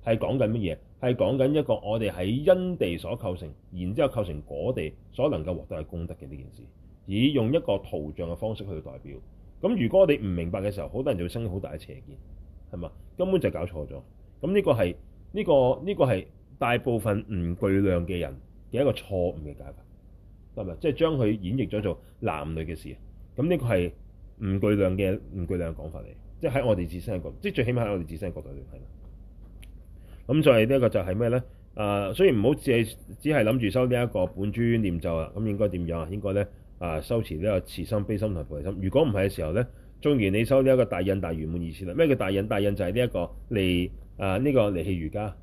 係講緊乜嘢？係講緊一個我哋喺因地所構成，然之後構成果地所能夠獲得嘅功德嘅呢件事，以用一個圖像嘅方式去代表。咁如果我哋唔明白嘅時候，好多人就會生好大嘅邪見，係嘛？根本就搞錯咗。咁呢個係呢個呢個係大部分唔具量嘅人嘅一個錯誤嘅解法，係咪？即係將佢演繹咗做男女嘅事。咁呢個係。唔具量嘅唔具量嘅講法嚟，即係喺我哋自身嘅角度，即係最起碼喺我哋自身嘅角度嚟係啦。咁再呢一個就係咩咧？啊、呃，所以唔好只係只係諗住收呢一個本尊念咒啊，咁應該點樣啊？應該咧啊、呃，收持呢個慈心悲心同菩提心。如果唔係嘅時候咧，縱然你收呢一個大印、大圓滿意思啦。咩叫大印？大印就係呢一個離啊呢個離戲瑜伽，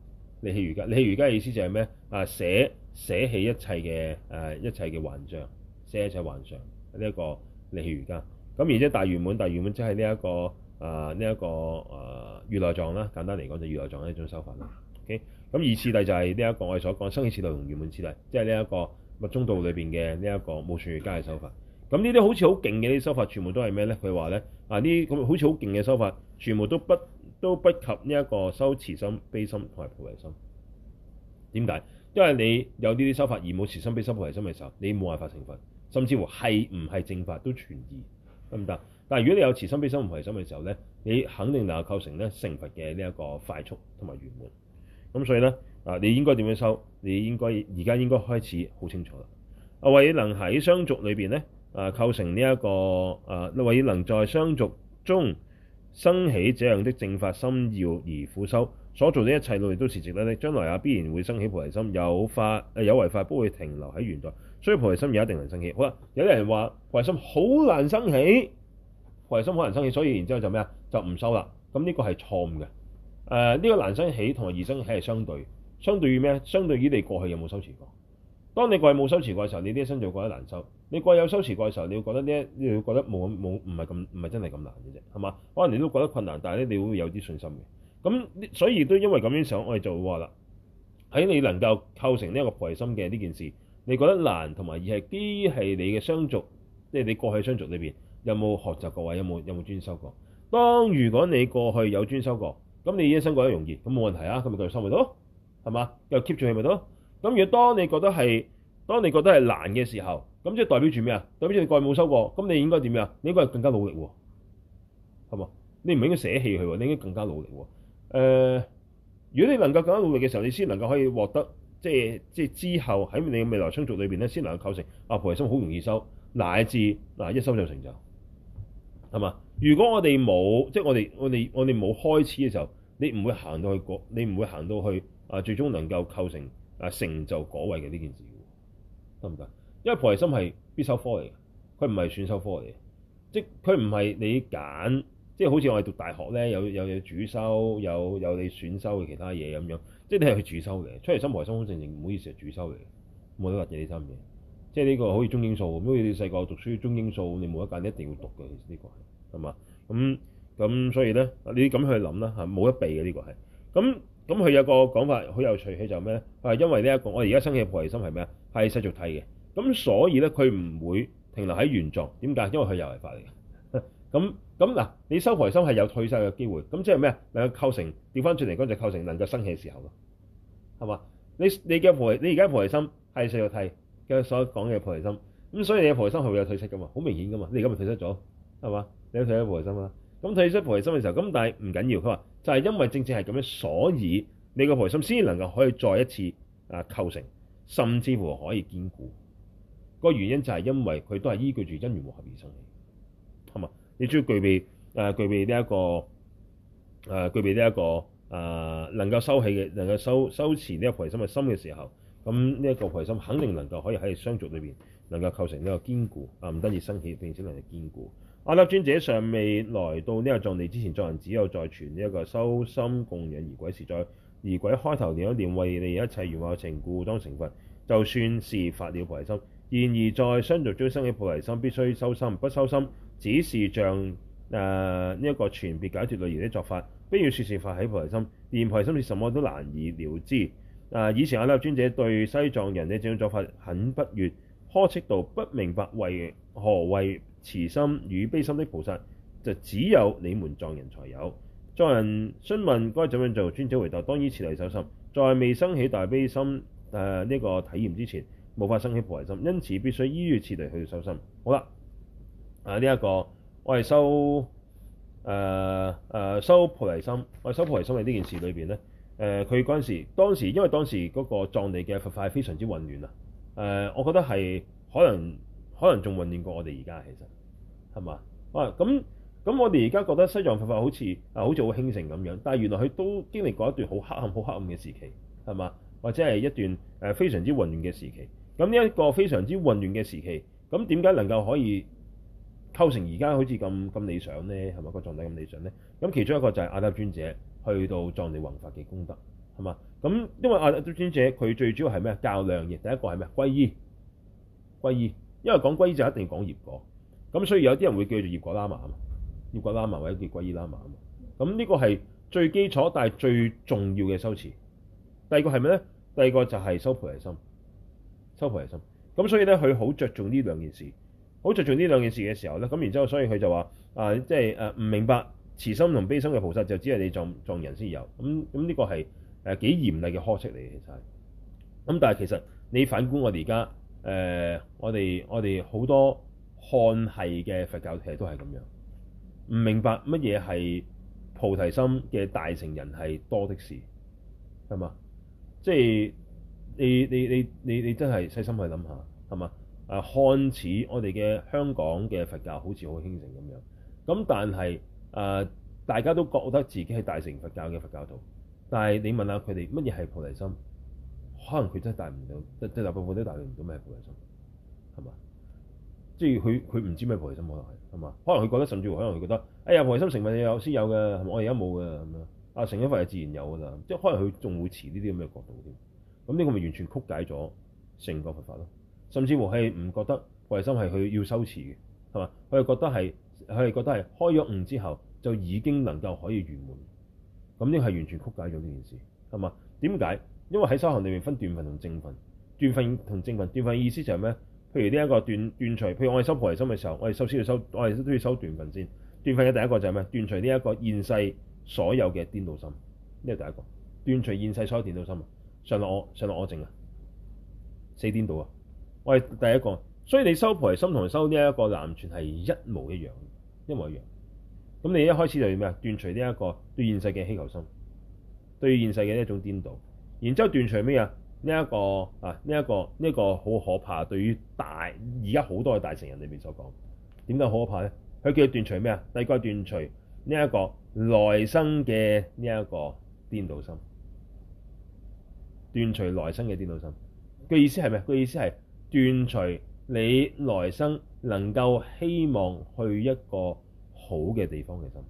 離戲瑜伽，離戲瑜伽嘅意思就係咩啊？捨捨棄一切嘅誒、呃、一切嘅幻象，捨一切幻象呢一個離戲瑜伽。咁，而且大圓滿，大圓滿即係呢一個啊，呢一個呃，呢一個啊，如來藏啦。簡單嚟講，就如來藏呢種修法啦。OK，咁二次第就係呢一個我哋所講生起次第同圓滿次第，即係呢一個密宗道裏面嘅呢一個無處加嘅修法。咁呢啲好似好勁嘅呢啲修法，全部都係咩咧？佢話咧啊，呢咁好似好勁嘅修法，全部都不都不及呢一個修慈心悲心同埋菩提心。點解？因為你有呢啲修法而冇慈心悲心菩提心嘅時候，你冇辦法成佛，甚至乎係唔係正法都存疑。得唔得？但係如果你有慈心、悲心、菩提心嘅時候咧，你肯定能夠構成咧成佛嘅呢一個快速同埋圓滿。咁所以咧，啊，你應該點樣修？你應該而家應該開始好清楚啦。啊，為能喺相續裏邊咧，啊，構成呢、這、一個啊，為要能在相續中生起這樣的正法心要而苦修，所做的一切努力都是值得的，將來也必然會生起菩提心，有法誒，有為法不會停留喺原代。所以菩提心而一定能生起。好啦，有啲人話菩提心好難生起，菩提心好難生起，所以然之後就咩啊？就唔收啦。咁、這、呢個係錯誤嘅。誒、呃、呢、這個難生起同埋易生起係相對，相對於咩？相對於你過去有冇收持過。當你過去冇收持過嘅時候，你呢一生就會覺得難收；你過去有收持過嘅時候，你會覺得呢，你會覺得冇冇唔係咁唔係真係咁難嘅啫，係嘛？可能你都覺得困難，但係咧你會有啲信心嘅。咁所以都因為咁樣想，我哋就會話啦，喺你能夠構成呢一個菩提心嘅呢件事。你覺得難同埋而係啲係你嘅相續，即係你過去相續裏邊有冇學習過啊？有冇有冇專修過？當如果你過去有專修過，咁你一生覺得容易，咁冇問題啊，咁咪繼續收咪得咯，係嘛？又 keep 住咪得咯。咁如果當你覺得係，當你覺得係難嘅時候，咁即係代表住咩啊？代表住你過去冇收過，咁你應該點呀？你應該更加努力喎。係嘛？你唔係應該捨棄佢喎，你應該更加努力喎、呃。如果你能夠更加努力嘅時候，你先能夠可以獲得，即係即係之後喺你嘅未來充族裏邊咧，先能夠構成阿菩提心好容易收，乃至嗱一收就成就，係嘛？如果我哋冇即係我哋我哋我哋冇開始嘅時候，你唔會行到去你唔會行到去啊，最終能夠構成啊成就果位嘅呢件事，得唔得？因為菩提心係必修科嚟嘅，佢唔係選修科嚟嘅，即係佢唔係你揀。即係好似我哋讀大學咧，有有嘢主修，有有你選修嘅其他嘢咁樣。即係你係去主修嘅，出嚟菩提心好正常，唔好意思係主修嚟嘅。我都學嘢呢三嘢，即係呢個好似中英數，因為你細個讀書中英數，你冇得揀，你一定要讀嘅。其實呢個係係嘛？咁咁所以咧，你咁去諗啦嚇，冇得避嘅呢、呢個係。咁咁佢有個講法好有趣，佢就咩咧？佢係因為呢、這、一個，我哋而家菩提心係咩啊？係世俗諦嘅。咁所以咧，佢唔會停留喺原狀。點解？因為佢又係有為法嚟嘅。咁。咁嗱，你收菩提心係有退失嘅機會，咁即係咩啊？能夠構成調翻轉嚟講，就構成能夠生起嘅時候咯，係嘛？你你嘅菩你而家菩提心係四個題嘅所講嘅菩提心，咁所以你嘅菩提心係會有退失嘅嘛？好明顯嘅嘛，你而家咪退失咗，係嘛？你退咗菩提心啦，咁退失菩提心嘅時候，咁但係唔緊要，佢話就係、是、因為正正係咁樣，所以你個菩提心先能夠可以再一次啊構成，甚至乎可以堅固。個原因就係因為佢都係依據住因緣和合而生嘅，係嘛？你只要具備誒，具備呢一個誒，具備呢、這、一個誒、這個呃，能夠收起嘅，能夠收收持呢一個菩提心嘅心嘅時候，咁呢一個菩提心肯定能夠可以喺相續裏面能夠構成呢個堅固啊，唔單止生起，並且能夠堅固。阿底峽尊者尚未來到呢個藏地之前，藏人只有在傳呢一個修心供養儀軌時，在儀軌開頭念一念為利一切圓嘅情故當成佛，就算是發了菩提心。然而在，在相續中生起菩提心必須修心，不修心只是像誒呢一個傳別解脫類型的做法，不要說是發起菩提心，連菩提心是什麼都難以了知。呃、以前阿底峽尊者對西藏人的這種做法很不悅，呵斥道：不明白為何謂慈心與悲心的菩薩，就只有你們藏人才有。藏人詢問該怎樣做，尊者回答：當依次第修心，在未生起大悲心誒呢、呃這個體驗之前。冇法生起菩提心，因此必須依於次第嚟去修心。好啦，這個呃，啊呢一個我係修誒誒修菩提心，我係修菩提心喺呢件事裏邊咧，誒佢嗰陣時，當時因為當時嗰個藏地嘅佛法係非常之混亂啊，誒、呃、我覺得係可能可能仲混亂過我哋而家，其實係嘛啊，咁咁我哋而家覺得西藏佛法好似啊好似好興盛咁樣，但係原來佢都經歷過一段好黑暗、好黑暗嘅時期，係嘛？或者係一段誒非常之混亂嘅時期。咁呢一個非常之混亂嘅時期，咁點解能夠可以構成而家好似咁咁理想咧？係咪，個狀態咁理想咧？咁其中一個就係阿達尊者去到藏地弘法嘅功德，係嘛？咁因為阿達尊者佢最主要係咩啊？教量嘅第一個係咩啊？皈依，皈依。因為講皈依就一定要講業果，咁所以有啲人會叫做業果喇嘛啊嘛，業果喇嘛或者叫皈依喇嘛啊嘛。咁呢個係最基礎但係最重要嘅修持。第二個係咩咧？第二個就係修菩提心。修菩提心，咁所以咧佢好着重呢兩件事，好着重呢兩件事嘅時候咧，咁然之後，所以佢就話啊，即係誒唔明白慈心同悲心嘅菩薩，就只係你藏藏人先有，咁咁呢個係誒、啊、幾嚴厲嘅呵斥嚟嘅，其、啊、實。咁但係其實你反觀我哋而家誒，我哋我哋好多漢系嘅佛教其實都係咁樣，唔明白乜嘢係菩提心嘅大乘人係多的事，係嘛？即係。你你你你你真係細心去諗下，係嘛？誒，看似我哋嘅香港嘅佛教好似好興盛咁樣，咁但係誒、呃，大家都覺得自己係大乘佛教嘅佛教徒，但係你問下佢哋乜嘢係菩提心，可能佢真係答唔到，即即大部分都答唔到咩菩提心，係嘛？即係佢佢唔知咩菩提心可能係，係嘛？可能佢覺得甚至乎，可能佢覺得，哎呀菩提心成份又有先有嘅，我而家冇嘅咁樣，啊成咗佛就自然有㗎啦，即係可能佢仲會持呢啲咁嘅角度添。咁呢個咪完全曲解咗成個佛法咯，甚至乎係唔覺得菩提心係佢要修持嘅，係嘛？佢係覺得係佢係覺得係開咗悟之後就已經能夠可以圓滿。咁呢個係完全曲解咗呢件事，係嘛？點解？因為喺修行裏面分斷份同正份。斷份同正份斷份意思就係咩？譬如呢一個斷斷除，譬如我哋收菩提心嘅時候，我哋首先要收，我哋都要收斷份先，先。斷份嘅第一個就係咩？斷除呢一個現世所有嘅顛倒心，呢、呢個第一個斷除現世所有顛倒心。上落我，上落我證啊！四顛倒啊！我係第一個，所以你修菩提心同修呢一個南傳係一模一樣，一模一樣。咁你一開始就要咩啊？斷除呢一個對現世嘅希求心，對現世嘅呢一種顛倒。然之後斷除咩、這個、啊？呢、這、一個啊，呢、這、一個呢個好可怕。對於大而家好多嘅大成人裏面所講，點解好可怕咧？佢叫斷除咩啊？第二個係斷除呢一個內生嘅呢一個顛倒心。斷除來生嘅顛倒心，個意思係咩？佢意思係斷除你來生能夠希望去一個好嘅地方嘅心，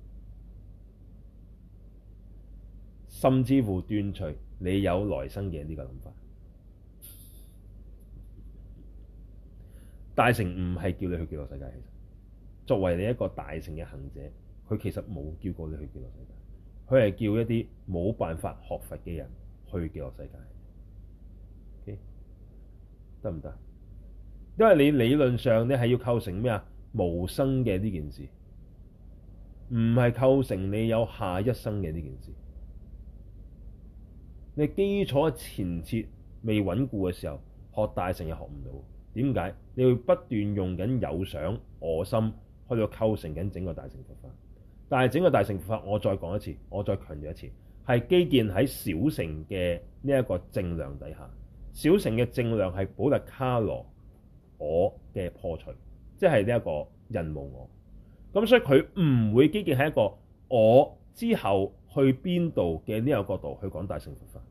甚至乎斷除你有來生嘅呢個諗法。大乘唔係叫你去極樂世界，其實作為你一個大乘嘅行者，佢其實冇叫過你去極樂世界，佢係叫一啲冇辦法學佛嘅人去極樂世界。得唔得？因為你理論上你係要構成咩啊？無生嘅呢件事，唔係構成你有下一生嘅呢件事。你基礎前設未穩固嘅時候，學大乘又學唔到。點解？你會不斷用緊有想我心去到構成緊整個大乘佛法。但係整個大乘佛法，我再講一次，我再強調一次，係基建喺小乘嘅呢一個正量底下。小乘嘅證量係補特伽羅我嘅破除，即係呢一個人無我。咁所以佢唔會基建喺一個我之後去邊度嘅呢個角度去講大乘佛法。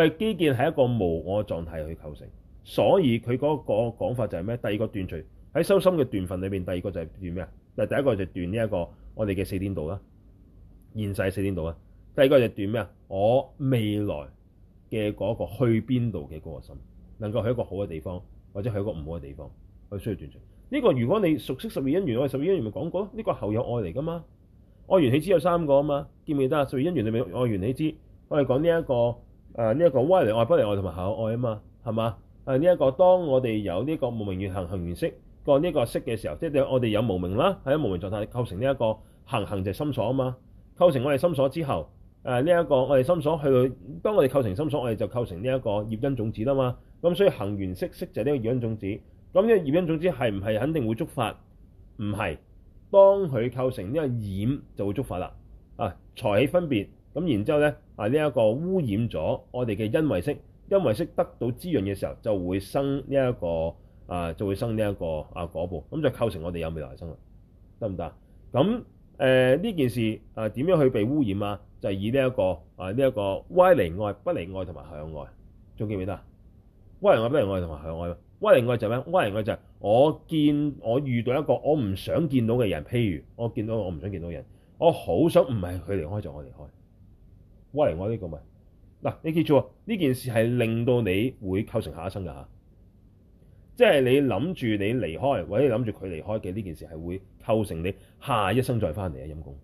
佢係基建喺一個無我狀態去構成。所以佢嗰個講法就係咩？第二個斷除喺修心嘅斷份裏邊，第二個就係斷咩？就第一個就是斷呢一個我哋嘅四點度啦，現世的四點度啦。第二個就是斷咩啊？我未來。嘅嗰個去邊度嘅嗰個心，能夠係一個好嘅地方，或者係一個唔好嘅地方，佢需要斷除。呢、這個如果你熟悉十二因緣，我哋十二因緣咪講過咯，呢、這個後有愛嚟噶嘛，愛緣起之有三個啊嘛，記唔記得啊？十二因緣你咪愛緣起之，我哋講呢、這、一個誒呢一個威嚟愛，不嚟愛同埋有愛啊嘛，係嘛？誒呢一個當我哋有呢個無名與行行完識、這個呢個識嘅時候，即、就、係、是、我哋有無名啦，喺無名狀態構成呢一個行行就係心所啊嘛，構成我哋心所之後，誒呢一個我哋心所去到，當我哋構成心所，我哋就構成呢一個業因種子啦嘛。咁所以行緣識識就係呢個業因種子。咁呢個業因種子係唔係肯定會觸發？唔係，當佢構成呢個染就會觸發啦。啊，才起分別咁，然之後咧啊，呢一個污染咗我哋嘅因為識，因為識得到滋潤嘅時候就會生呢一個啊，就會生呢一個啊果報。咁就構成我哋有未來生啦，得唔得？咁誒呢件事啊點樣去被污染啊？就係、以呢、這、一個啊，呢、這、一個乖離愛不離愛同埋向愛，仲記唔記得啊？乖離愛不離愛同埋向愛咯。乖離愛就咩？乖離愛就係我見我遇到一個我唔想見到嘅人，譬如我見到我唔想見到嘅人，我好想唔係佢離開就我離開。乖離愛呢個咪嗱？你記住啊，呢件事係令到你會構成下一生㗎吓，即係你諗住你離開或者你諗住佢離開嘅呢件事係會構成你下一生再返嚟啊，陰公。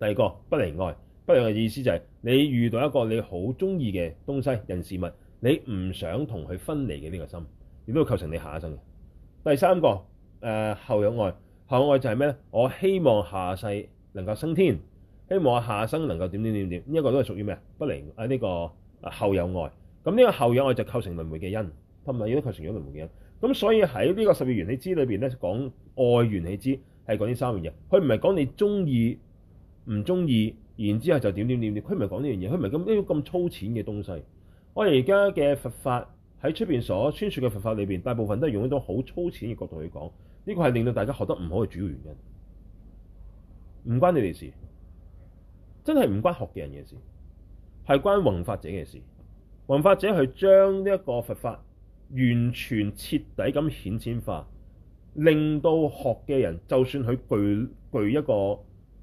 第二個不離愛，不離愛嘅意思就係你遇到一個你好中意嘅東西、人事物，你唔想同佢分離嘅呢個心，亦都構成你下一生嘅。第三個誒後有愛，後有愛就係咩咧？我希望下世能夠升天，希望我下生能夠點點點點，呢個都係屬於咩？不離誒呢個後有愛，咁呢個後有愛就構成輪回嘅因，同埋亦都構成咗輪回嘅因。咁所以喺呢個十二緣起支裏邊咧，講愛緣起支係講呢三樣嘢，佢唔係講你中意。唔中意，然之後就點點點點。佢唔係講呢樣嘢，佢唔係咁呢種咁粗淺嘅東西。我哋而家嘅佛法喺出邊所宣説嘅佛法裏邊，大部分都係用一種好粗淺嘅角度去講。呢、這個係令到大家學得唔好嘅主要原因，唔關你哋事，真係唔關學嘅人嘅事，係關弘法者嘅事。弘法者係將呢一個佛法完全徹底咁顯淺化，令到學嘅人就算佢具具一個。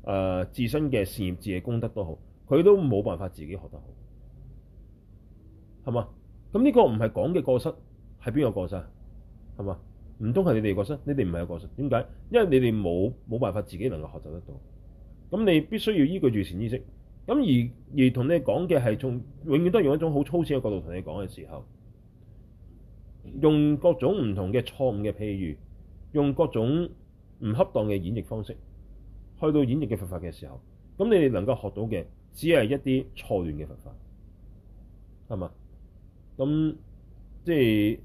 誒、呃、自身嘅事業、自己嘅功德都好，佢都冇辦法自己學得好，係嘛？咁呢個唔係講嘅過失，係邊個過失係嘛？唔通係你哋嘅過失？你哋唔係個過失點解？因為你哋冇冇辦法自己能夠學習得到。咁你必須要依據住善知識。咁而而同你講嘅係從永遠都係用一種好粗淺嘅角度同你講嘅時候，用各種唔同嘅錯誤嘅譬喻，用各種唔恰當嘅演繹方式。去到演繹嘅佛法嘅時候，咁你哋能夠學到嘅，只係一啲錯亂嘅佛法，係嘛？咁即係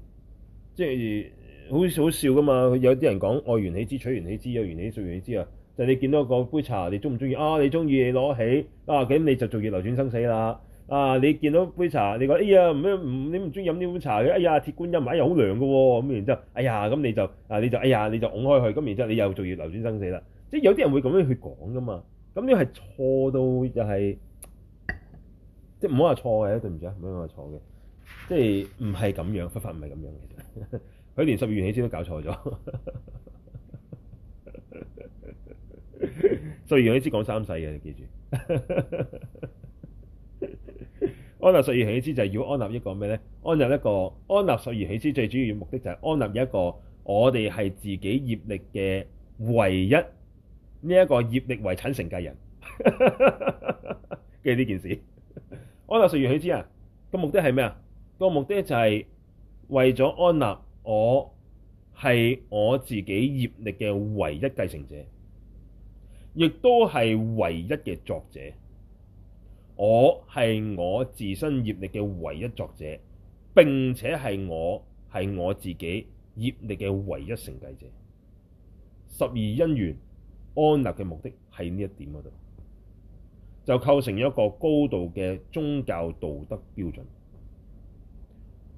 即係好好笑噶嘛！有啲人講愛緣起之，取緣起之，有緣起，隨緣起之啊！就係你見到一個杯茶，你中唔中意啊？你中意你攞起啊？咁你，啊，你就做業流轉生死啦！啊，你見到杯茶，你講哎呀唔咩唔，你唔中意飲呢杯茶嘅？哎呀，鐵觀音埋又好涼嘅喎、哦！咁然之後，哎呀咁你就啊你就哎呀你就拱開佢，咁然之後你又做業流轉生死啦。即係有啲人會咁樣去講㗎嘛。咁呢係錯到又係即係唔好話錯嘅，對唔住唔好話錯嘅，即係唔係咁樣。佛法唔係咁樣嘅，其實佢連十二緣起支都搞錯咗。 十二緣起支講三世嘅，你記住 安立十二緣起支就係要安立一個咩咧？安立一個安立十二緣起支最主要嘅目的就係安立一個我哋係自己業力嘅唯一。呢、這、一個業力遺產承繼人，記住呢件事安，安納隨緣許知啊！個目的係咩啊？個目的就係為咗安納，我係我自己業力嘅唯一繼承者，亦都係唯一嘅作者。我係我自身業力嘅唯一作者，並且係我係我自己業力嘅唯一承繼者。十二因緣。安立嘅目的係呢一點嗰度，就構成一個高度嘅宗教道德標準。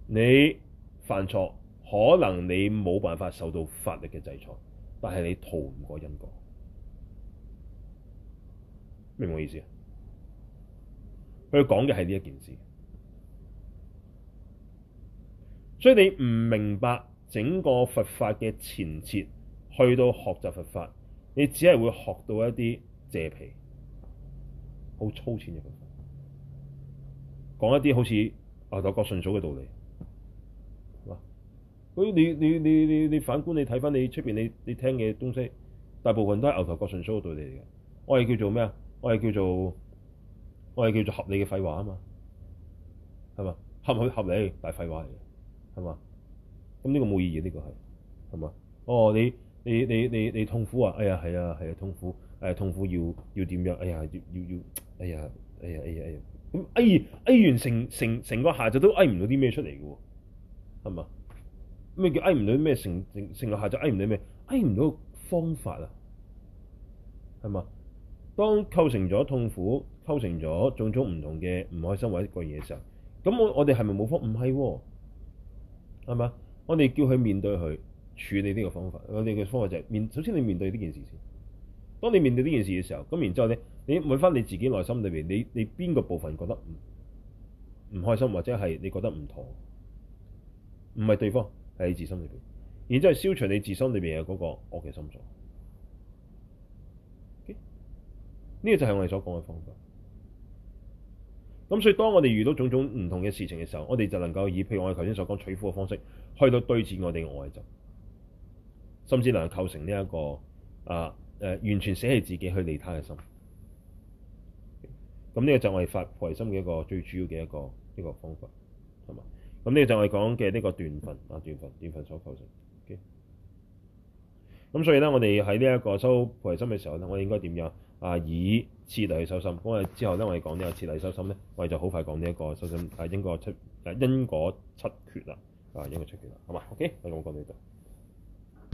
你犯錯，可能你冇辦法受到法律嘅制裁，但係你逃唔過因果。明唔明我意思啊？佢講嘅係呢一件事，所以你唔明白整個佛法嘅前設，去到學習佛法。你只係會學到一啲借皮，好粗淺嘅講一啲好似牛頭角順嫂嘅道理，係嘛？所以你你你你你反觀你睇返你出邊你你聽嘅東西，大部分都係牛頭角順嫂嘅道理嚟嘅。我哋叫做咩啊？我哋叫做我哋叫做合理嘅廢話啊嘛，係嘛？合唔合理？合理嘅大廢話嚟嘅，係嘛？咁呢個冇意義，呢個係係嘛？哦，你。你你你你痛苦啊！哎呀，係啊，係啊，痛苦，誒、哎、痛苦要要點樣？哎呀，要要要，哎呀，哎呀，哎呀，哎呀，咁哎，哀完成成成個下晝都哀唔到啲咩出嚟嘅喎，係嘛？咩叫哀唔到咩？成成成個下晝哀唔到咩？哀唔到方法啊，係嘛？當構成咗痛苦、構成咗種種唔同嘅唔開心或者怪嘢嘅時候，咁我我哋係咪冇方法？唔係喎，係嘛？我哋叫佢面對佢。處理呢個方法，我哋嘅方法就係、是、面首先你面對呢件事先。當你面對呢件事嘅時候，咁然之後咧，你揾翻你自己內心裏邊，你你邊個部分覺得唔唔開心或者係你覺得唔妥，唔係對方，係你自心裏邊，然之後就係消除你自心裏邊嘅嗰個惡嘅心臟。Okay? 呢個就係我哋所講嘅方法。咁所以當我哋遇到種種唔同嘅事情嘅時候，我哋就能夠以譬如我哋頭先所講取夫嘅方式去到對治我哋嘅外在。甚至能夠構成呢、這、一個啊誒、呃、完全捨棄自己去利他嘅心，咁呢個就係發菩提心嘅一個最主要嘅一個呢個方法，係嘛？咁呢個就係我講嘅呢個斷份，啊，斷份斷分所構成嘅。咁、okay? 所以咧，我哋喺呢一個修菩提心嘅時候咧，我哋應該點樣啊？以次第去修心。咁啊之後咧，我哋講呢個次第修心咧，我哋就好快講呢一個修心啊，因果七因果七缺啦，啊因果七缺啦，係嘛？OK，我講到呢度。